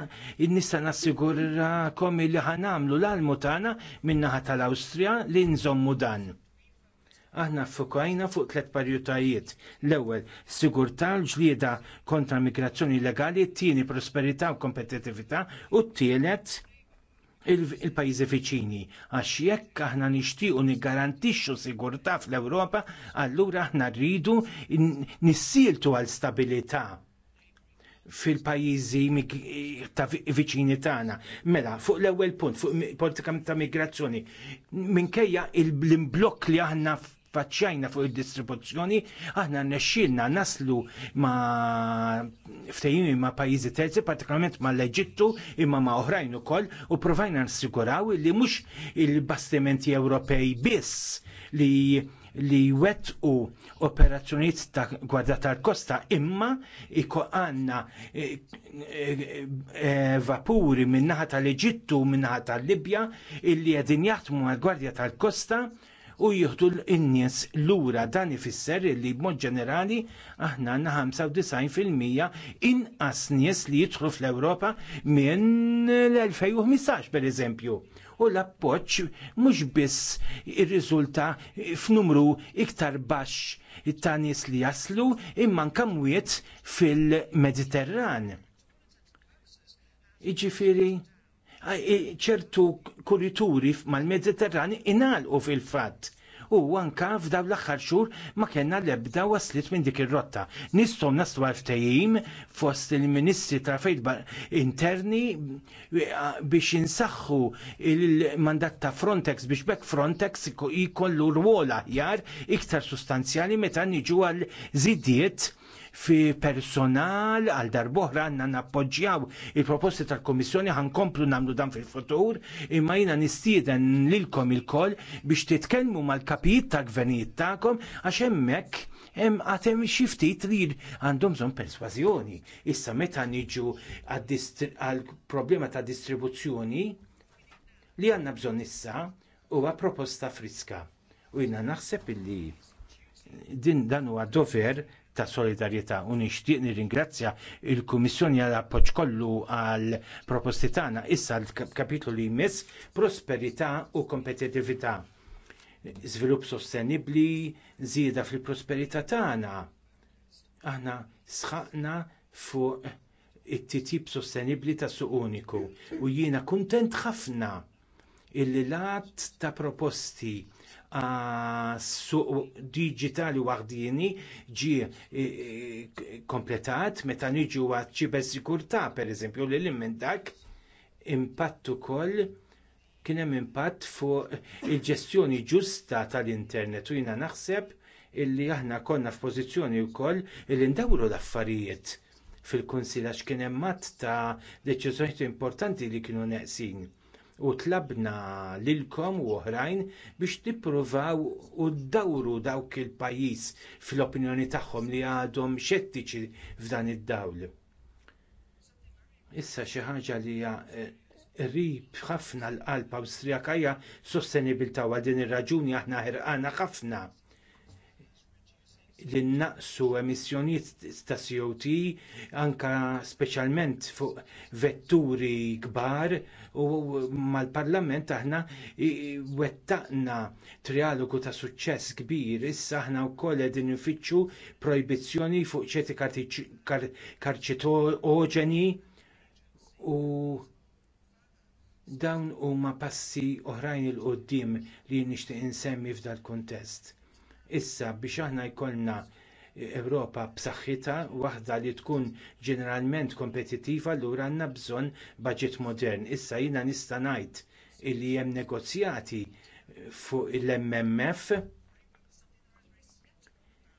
nista' nassigurakom li ħanamlu l-almu tagħna min-naħa tal-Awstrija li nżommu dan. Aħna ffukajna fuq tliet parjutajiet. L-ewwel, sigurtà l-ġlieda kontra migrazzjoni illegali, t-tieni prosperità u kompetitività u t-tielet il-pajjiżi viċini għax jekk aħna nixtiequ niggarantixxu sigurtà fl-Ewropa, allura aħna rridu nissieltu għal stabilità fil-pajjiżi ta' viċini tagħna. Mela, fuq l-ewwel punt, fuq politika ta' migrazzjoni, minkejja l-imblokk li aħna faċċajna fuq id-distribuzzjoni, aħna nexxilna naslu ma ftejjini ma' pajjiżi terzi, partikolarment ma' l-Eġittu imma ma' oħrajn ukoll u provajna nassiguraw li mhux il-bastimenti Ewropej biss li li u operazzjonijiet ta' gwarda tal-kosta imma iko għanna e, e, e, vapuri minnaħa tal-Eġittu minnaħa tal-Libja illi għedin jaħtmu għal gwardja tal-kosta u jieħdu l-innies lura dan ifisser li b'mod ġenerali aħna għandna 95% inqas nies li jidħlu fl-Ewropa minn l-2015 pereżempju. U l-appoġġ mhux biss irriżulta f'numru iktar baxx ta' nies li jaslu imma nkamwiet fil-Mediterran. Iġifiri, E, ċertu kurituri mal inal u fil-fatt u anka f'daw l-axħar xhur ma kellna l-ebda waslit minn dik ir-rotta. Nistgħu naslu ftehim fost il-Ministri ta' interni biex insaħħu il-mandat ta' Frontex biex bekk Frontex jkollu rwola jar iktar sustanzjali meta niġu għal żidiet fi personal għal darboħra għanna nappoġġjaw il-proposti tal-Komissjoni ħankomplu namlu dan fil-futur imma jina nistieden lilkom il-koll biex titkellmu mal-kapijiet ta' gvernijiet tagħkom għax hemmhekk hemm għatem xi ftit li għandhom bżonn persważjoni. Issa meta niġu għal problema ta' distribuzzjoni li għandna bżonn issa huwa proposta friska. U jina naħseb illi din dan huwa dover ta' solidarjetà u nixtieq nirringrazzja l kummissjoni għal appoġġ kollu għal proposti tagħna issa l-kapitlu li jmiss prosperità u kompetittività. Żvilupp sostenibbli, żieda fil-prosperità tagħna. Aħna sħaqna fuq it-titjib sostenibbli ta' suq uniku u jiena kuntent ħafna il-lat ta' proposti suq digitali waħdini ġie e, kompletat meta niġu għat ċibersikurtà pereżempju li minn dak impatt ukoll kien hemm impatt fuq il-ġestjoni ġusta tal-internet u jiena naħseb illi aħna konna f'pożizzjoni wkoll illi ndawru l-affarijiet fil-Kunsil għax kien hemm matt ta' deċiżjonijiet importanti li kienu neqsin u tlabna lilkom u oħrajn biex tippruvaw u ddawru dawk il-pajjiż fl-opinjoni tagħhom li għadhom xettiċi f'dan id-dawl. Issa xi ħaġa li hija eh, rib ħafna l-qalb Awstrijaka hija sostenibilità u din ir-raġuni aħna ħirqana ħafna li naqsu emissjonijiet ta' CO2 anke speċjalment fuq vetturi kbar u mal-parlament aħna wettaqna trialogu ta' suċċess kbir issa aħna wkoll qegħdin nifittxu projbizzjoni fuq ċeti karċitoġeni u dawn huma passi oħrajn il qudiem li nixtieq insemmi f'dal kuntest Issa biex aħna jkollna Ewropa b'saħħitha waħda li tkun ġeneralment kompetittiva lura għandna bżonn baġit modern. Issa jiena nista' ngħid illi hemm negozjati fuq l-MMF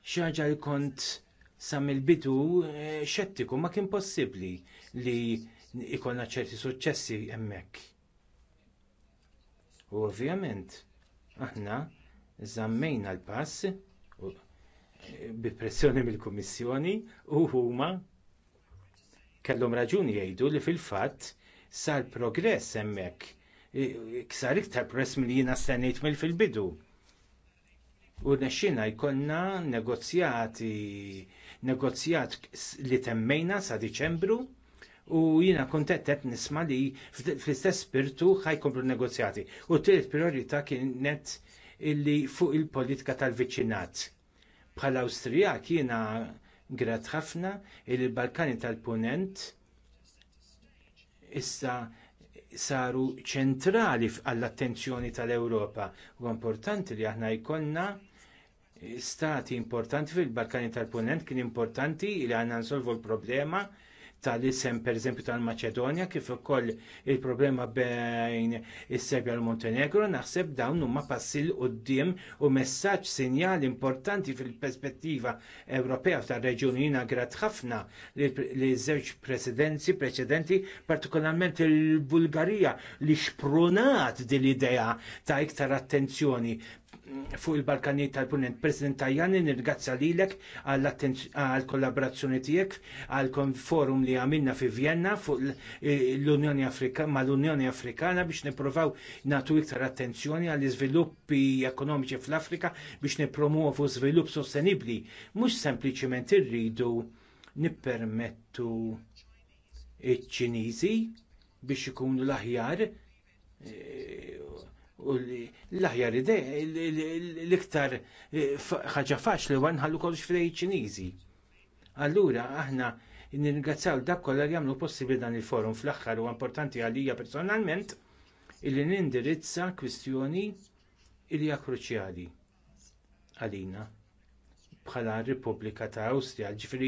xi ħaġa li kont sa mill-bidu eh, xettiku ma kien possibbli li jkollna ċerti suċċessi hemmhekk. U ovvjament aħna żammejna l-pass eh, bi pressjoni mill-Kummissjoni u huma kellhom raġuni jgħidu li fil-fatt sar progress hemmhekk. Sar iktar progress milli jiena stennejt mill fil-bidu. U nexxina jkollna negozjati negozjat li temmejna sa Diċembru u jiena kontent qed nisma' li fl-istess spirtu ħajkomplu negozjati. U t-tielet priorità kienet illi fuq il-politika tal-viċinat. bħal Awstrijak jiena grat ħafna illi l-Balkani tal-Punent issa saru ċentrali għall-attenzjoni tal-Ewropa. U importanti li aħna jkollna stati importanti fil-Balkani tal-Punent kien importanti li għandna nsolvu l-problema tal-isem eżempju tal-Maċedonja kif ukoll il-problema bejn is-Serbja u l-Montenegro naħseb dawn huma passi l qudiem u messaġġ sinjal importanti fil-perspettiva Ewropea tar-reġjuni grat ħafna li żewġ presidenzi preċedenti partikolarment il-Bulgarija li xprunat din l-idea ta' iktar attenzjoni fuq il-Balkani tal-Punent. President Tajani, nirgazza lilek għall kollaborazzjoni tiegħek għal forum li għamilna fi Vienna fuq l-Unjoni Afrikana ma l-Unjoni Afrikana biex niprovaw natu iktar attenzjoni għall iżviluppi ekonomiċi fl-Afrika biex nipromuovu żvilupp sostenibbli. Mhux sempliciment irridu nippermettu iċ-Ċiniżi biex ikunu l-aħjar eh, U l-aħjar ide l-iktar eh, ħaġa faċli huwa nħallu kollox fidej ċiniżi. Allura aħna nirgazzaw dak kollha li jagħmlu possibbli dan il-forum fl-aħħar u importanti għalija personalment illi nindirizza kwistjoni li hija kruċjali għalina bħala Repubblika ta' Awstrija, ġifri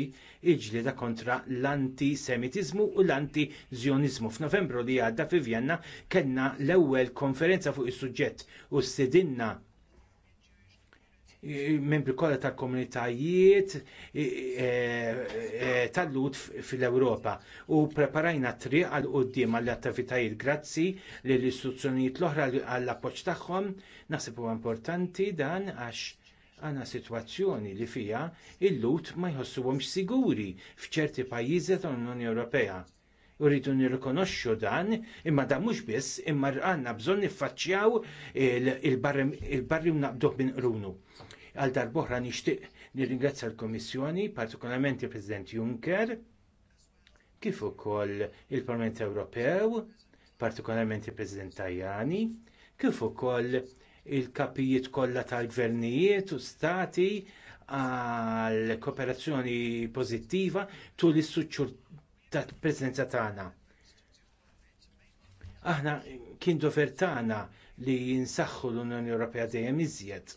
iġlieda kontra l-antisemitiżmu u l-antizjonizmu. F'Novembru li għadda fi Vjenna kellna l-ewwel konferenza fuq is-suġġett u stidinna membri kollha tal-komunitajiet e, e, e, tal-lut fil-Ewropa u preparajna triq għal qudiem għall attivitajiet grazzi lill istituzzjonijiet l-oħra għall appoġġ tagħhom naħseb huwa importanti dan għax għana situazzjoni li fija il-lut ma jħossuhomx siguri f'ċerti pajjiżi tal-Unjoni Ewropea. Uridu nirrikonoxxu dan, imma dan mhux biss, imma għandna bżonn niffaċċjaw il-barri naqbduh minn qrunu. Għal darbohra nixtieq nirringrazzja l-Komissjoni, partikolarment il-President Juncker, kif ukoll il-Parlament Ewropew, partikolarment il-President Tajani, kif ukoll il-kapijiet kollha tal-gvernijiet u stati għal kooperazzjoni pożittiva tul is-suċċur tal-preżenza tagħna. Aħna kien dover tagħna li nsaħħu l-Unjoni Ewropea dejjem iżjed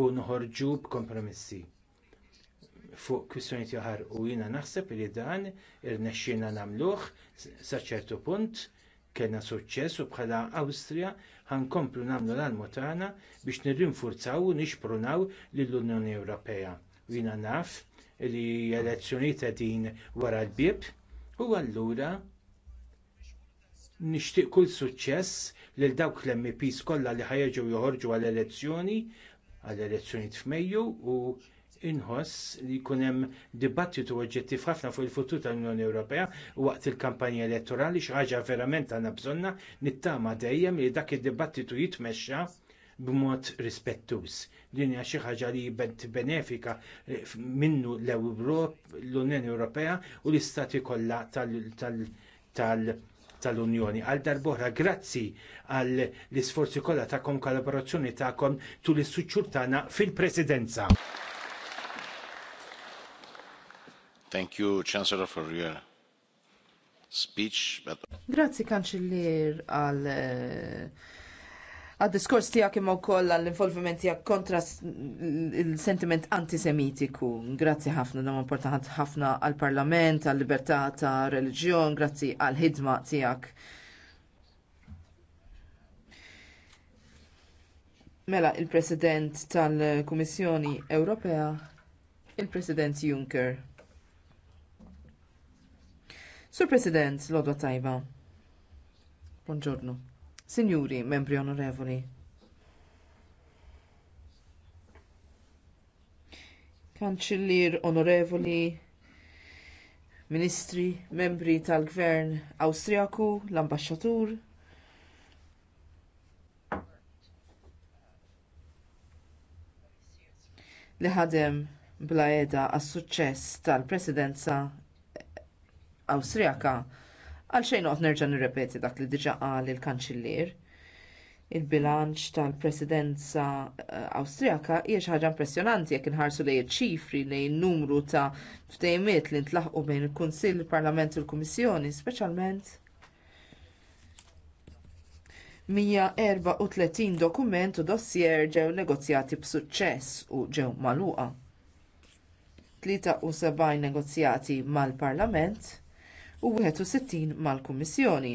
u noħorġu b'kompromissi fuq kwistjoni tiħar u jiena naħseb li dan irnexxina nagħmluh sa ċertu punt kellna suċċess u bħala Awstrija ħankomplu nagħmlu l-almu tagħna biex nirrinfurzaw u nixprunaw lill-Unjoni Ewropea. U naf li elezzjonijiet qegħdin wara l-bib u allura nixtieq kull suċċess lil dawk l-MPs kollha li ħajġu joħorġu għall-elezzjoni għall elezzjonijiet f'Mejju u inħoss li jkun hemm dibattitu oġġettiv ħafna fuq il-futur tal-Unjoni Ewropea waqt il-kampanja elettorali xi ħaġa verament għandna bżonna nittama dejjem li dak id-dibattitu jitmexxa b'mod rispettuż. Din hija xi ħaġa li benefika eh, minnu l l-Unjoni Ewropea u l-istati kollha tal- tal-Unjoni. Għal darbohra, grazzi għall l-isforzi kollha tagħkom kollaborazzjoni tagħkom tul is-suċċur tagħna fil-Presidenza. Thank you, Chancellor, for your speech. Grazzi, kanċillir, għal eh, għad-diskors tijak imma wkoll għall-involviment tijak kontra il-sentiment antisemitiku. Grazzi ħafna, dam importanti ħafna għal-parlament, għal-libertà ta' reliġjon, grazzi għal-ħidma tijak. Mela, il-President tal-Kummissjoni Ewropea, il-President Juncker. Sur President, Lodwa Tajba. Buongiorno. Signori, membri onorevoli. Kanċillier onorevoli, ministri, membri tal-gvern Awstrijaku, l-ambasċatur, li ħadem bla għeda għas-suċċess tal-presidenza Awstrijaka. Għal xejn qed nerġa' nirrepeti dak li diġà qal il-Kanċillier. Il-bilanċ tal-Presidenza eh, Awstrijaka hija xi ħaġa impressjonanti jekk inħarsu lejn iċ-ċifri lejn numru ta' ftehimiet li ntlaħqu bejn il-Kunsill, il-Parlament u l-Kummissjoni, speċjalment 134 dokument u dossier ġew negozjati b'suċċess u ġew magħluqa. 73 negozjati mal-Parlament u 61 mal-Kummissjoni.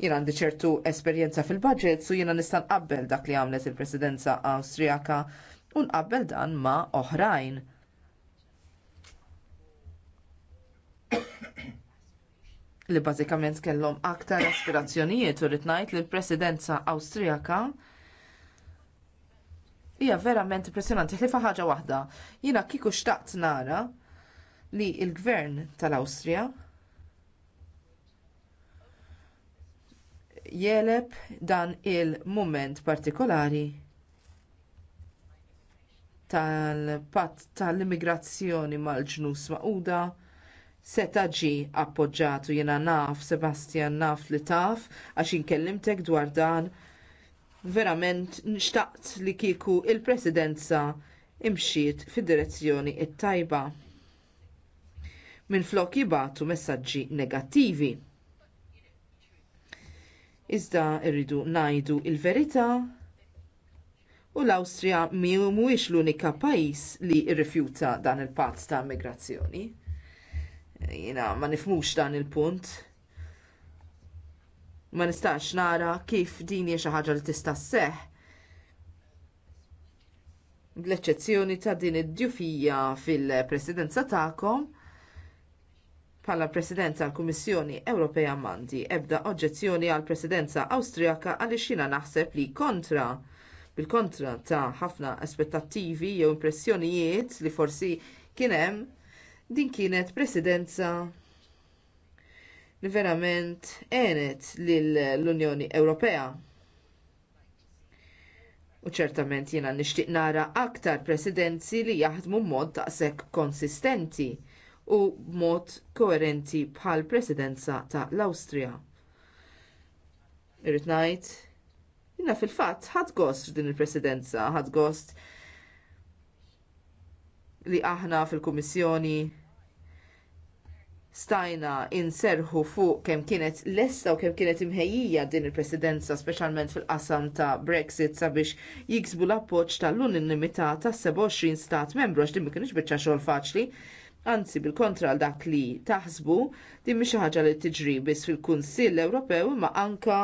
Jien għandi ċertu esperjenza fil-budget su jiena nista' nqabbel dak li għamlet il-Presidenza Awstrijaka u nqabbel dan ma' oħrajn. li bażikament kellhom aktar aspirazzjonijiet u rrid ngħid li l-Presidenza Awstrijaka hija verament impressjonanti ħlifa ħaġa waħda. Jiena kieku xtaqt nara li l gvern tal-Awstrija jeleb dan il mument partikolari tal-patt tal-immigrazzjoni mal-ġnus Magħquda seta ġie appoġġatu u jiena naf, Sebastian naf li taf, għax inkellimtek dwar dan, verament nxtaqt li kieku l presidenza imxiet fid-direzzjoni t tajba minflok jibatu messaġġi negattivi. Iżda rridu ngħidu l verità u l-Awstrija mhuwiex l-unika pajjiż li rrifjuta dan il-pazz ta' immigrazzjoni. Jina ma nifhmux dan il-punt. Ma nistax nara kif din hija xi ħaġa li tista' sseħħ bl-eċċezzjoni ta' din id-djufija fil-presidenza tagħkom Bħala President tal-Kummissjoni Ewropea Mandi ebda oġġezzjoni għall Presidenza Awstrijaka għaliex jiena naħseb li kontra bil-kontra ta' ħafna aspettattivi jew impressjonijiet li forsi kien hemm din kienet presidenza li verament għenet lill-Unjoni Ewropea. U ċertament jiena nixtieq nara aktar presidenzi li jaħdmu b'mod daqshekk konsistenti u b'mod koerenti bħall presidenza tal-Awstrija. Irrid ngħid, jiena fil-fatt ħadd gost din il-presidenza, ħadd gost li aħna fil-Kummissjoni stajna inserħu fuq kemm kienet lesta u kemm kienet imħejjija din il-presidenza speċjalment fil-qasam ta' Brexit sabiex jiksbu l appoġġ tal-unanimità ta' 27 stat membru għax din ma kienx biċċa xogħol faċli. Anzi, bil-kontra dak li taħsbu, din mhix xi ħaġa li tiġri biss fil-Kunsill Ewropew imma anke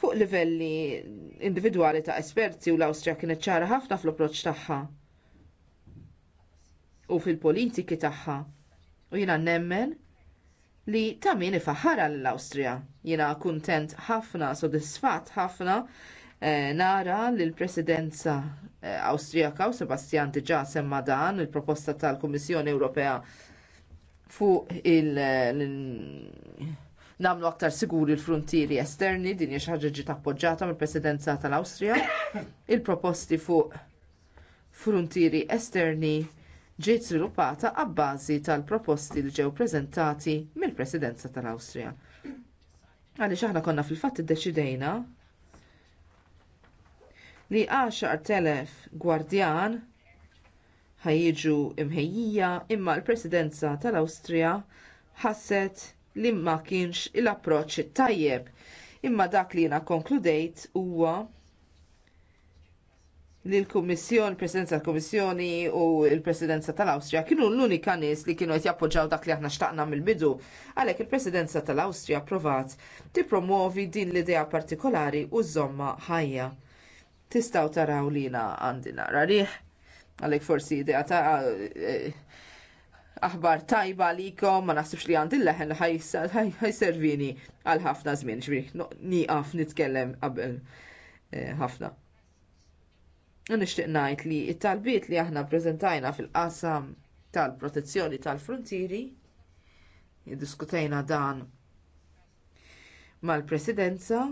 fuq livelli individwali ta' esperti u l-Awstrija kienet ċara ħafna fl-approċċ tagħha u fil-politiki tagħha. U jiena nemmen li ta' min ifaħħara l-Awstrija. Jiena kuntent ħafna, sodisfatt ħafna Eh, nara li l-Presidenza eh, Awstrijaka u Sebastian diġà semma dan il-proposta tal-Kummissjoni Ewropea fuq il- eh, namlu aktar siguri l-frontieri esterni din hija xi ħaġa ġiet appoġġjata mill-Presidenza tal-Awstrija. Il-proposti fuq frontieri esterni ġiet żviluppata abbażi tal-proposti li ġew preżentati mill-Presidenza tal-Awstrija. Għaliex aħna konna fil-fatt iddeċidejna li 10,000 gwardjan jiġu imħejjija imma l-presidenza tal-Awstrija ħasset li ma kienx l-approċċ tajjeb. Imma dak li jiena konkludejt huwa li l-Kummissjon, Presidenza tal-Kummissjoni u l-Presidenza tal-Awstrija kienu l-unika nies li kienu qed jappoġġaw dak li aħna xtaqna mill-bidu. Għalhekk il-Presidenza tal-Awstrija provat tippromovi din l-idea partikolari u żomma ħajja. Tistgħu taraw li għandi nara riħ, għalhekk forsi idea ta' eh, aħbar tajba għalikom, ma naħsibx li għandi l-leħen ħajservini għal ħafna żmien, ġbiri, niqaf nitkellem qabel eh, ħafna. Nixtieq ngħid li t talbiet li aħna ppreżentajna fil-qasam tal-protezzjoni tal-frontieri, diskutejna dan mal-presidenza,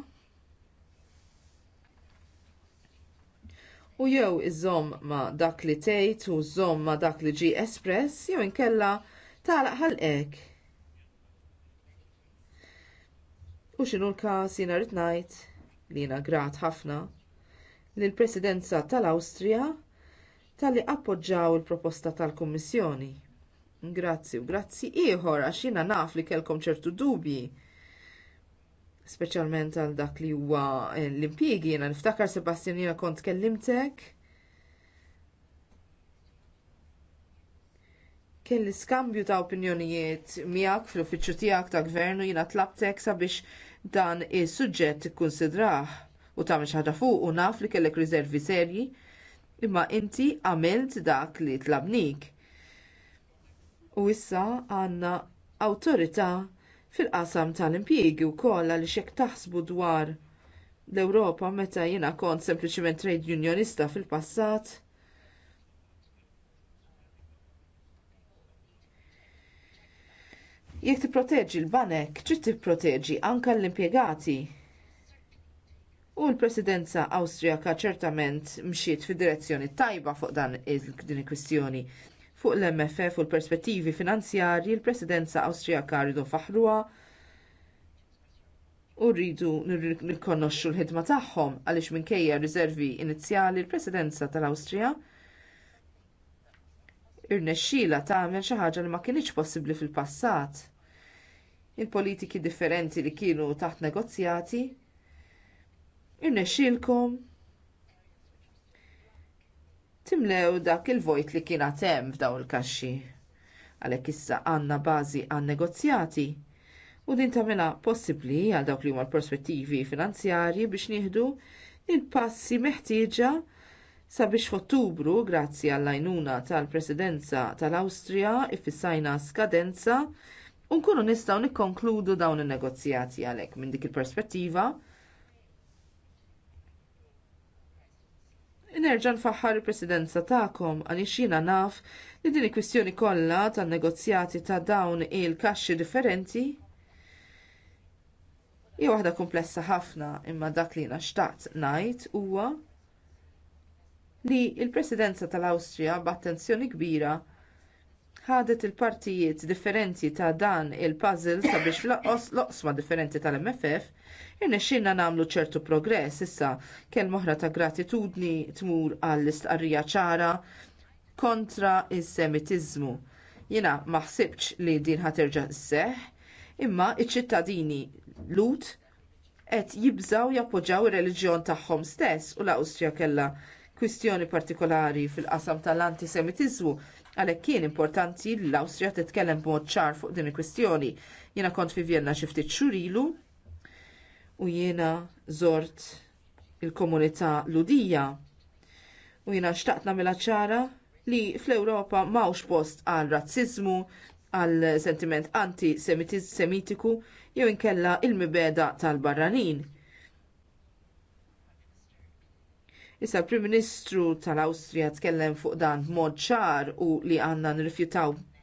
u jew iżomm ma dak li tgħid u żomm ma dak li ġie espress jew inkella tagħlaq ħalqek. U x'inhu l-każ jiena rrid ngħid li jiena grat ħafna lill presidenza tal-Awstrija talli appoġġjaw il-proposta tal-Kummissjoni. Grazzi u grazzi ieħor għax jiena naf li kellkom ċertu dubji speċjalment għal dak li huwa eh, l-impjiegi jiena niftakar Sebastian jiena kont kellimtek. kelli skambju ta' opinjonijiet miegħek fl-uffiċċju tiegħek ta' gvernu jiena tlabtek sabiex dan is-suġġett ikkunsidrah u tagħmel xi ħaġa fuq u naf li kellek riservi serji imma inti għamilt dak li tlabnik. U issa għandna awtorità fil-qasam tal-impjiegi wkoll għaliex hekk taħsbu dwar l-Ewropa meta jiena kont sempliċement trade unionista fil-passat. Jekk tipproteġi l-banek, trid tipproteġi anke l-impjegati. U l-presidenza Awstrijaka ċertament mxiet fid direzzjoni tajba fuq dan din il-kwistjoni fuq l-MFF u l-perspettivi finanzjarji l-Presidenza Awstrijaka rridu faħruha u rridu nirrikonoxxu l-ħidma tagħhom għaliex minkejja r riservi inizjali l-Presidenza tal-Awstrija irnexxiela tagħmel xi ħaġa li ma kinitx possibbli fil-passat. Il-politiki differenti li kienu taħt negozjati irnexxielkom timlew dak il-vojt li kien hemm f'dawn il-kaxxi. Għalhekk issa għandna bażi għan negozjati u din tagħmilha possibbli għal dawk li huma l-prospettivi finanzjarji biex nieħdu il-passi meħtieġa sabiex f'Ottubru, grazzi għall-għajnuna tal-Presidenza tal-Awstrija, ifissajna skadenza u nkunu nistgħu nikkonkludu dawn in-negozjati għalhekk minn dik il-perspettiva Nerġa' nfaħħar il-presidenza tagħkom għaliex jiena naf li din il-kwistjoni kollha tan-negozjati ta' dawn il-kaxxi differenti hija waħda komplessa ħafna imma dak li jiena xtaqt ngħid huwa li l-presidenza tal-Awstrija b'attenzjoni kbira ħadet il-partijiet differenti ta' dan il-puzzle sabiex fl-oqos loqsma differenti tal-MFF irnexxinna nagħmlu ċertu progress issa kell oħra ta' gratitudni tmur għall-istqarrija ċara kontra is-semitiżmu. Jiena ma ħsibx li din ħaterġa' sseħħ, imma iċ-ċittadini lut qed jibżaw jappoġġjaw ir-reliġjon tagħhom stess u l-Awstrija kellha kwistjoni partikolari fil-qasam tal-antisemitiżmu Għalhekk kien importanti l awstrija titkellem b'mod ċar fuq din il-kwistjoni. Jiena kont fi Vienna xi ftit xhur ilu u jiena żort il-komunità Ludija u jiena xtaqt nagħmilha ċara li fl-Ewropa m'hawnx post għal razziżmu, għal sentiment antisemitiku jew inkella l mibeda tal-barranin. Issa l-Prim Ministru tal-Awstrija tkellem fuq dan mod ċar u li għandna nirrifjutaw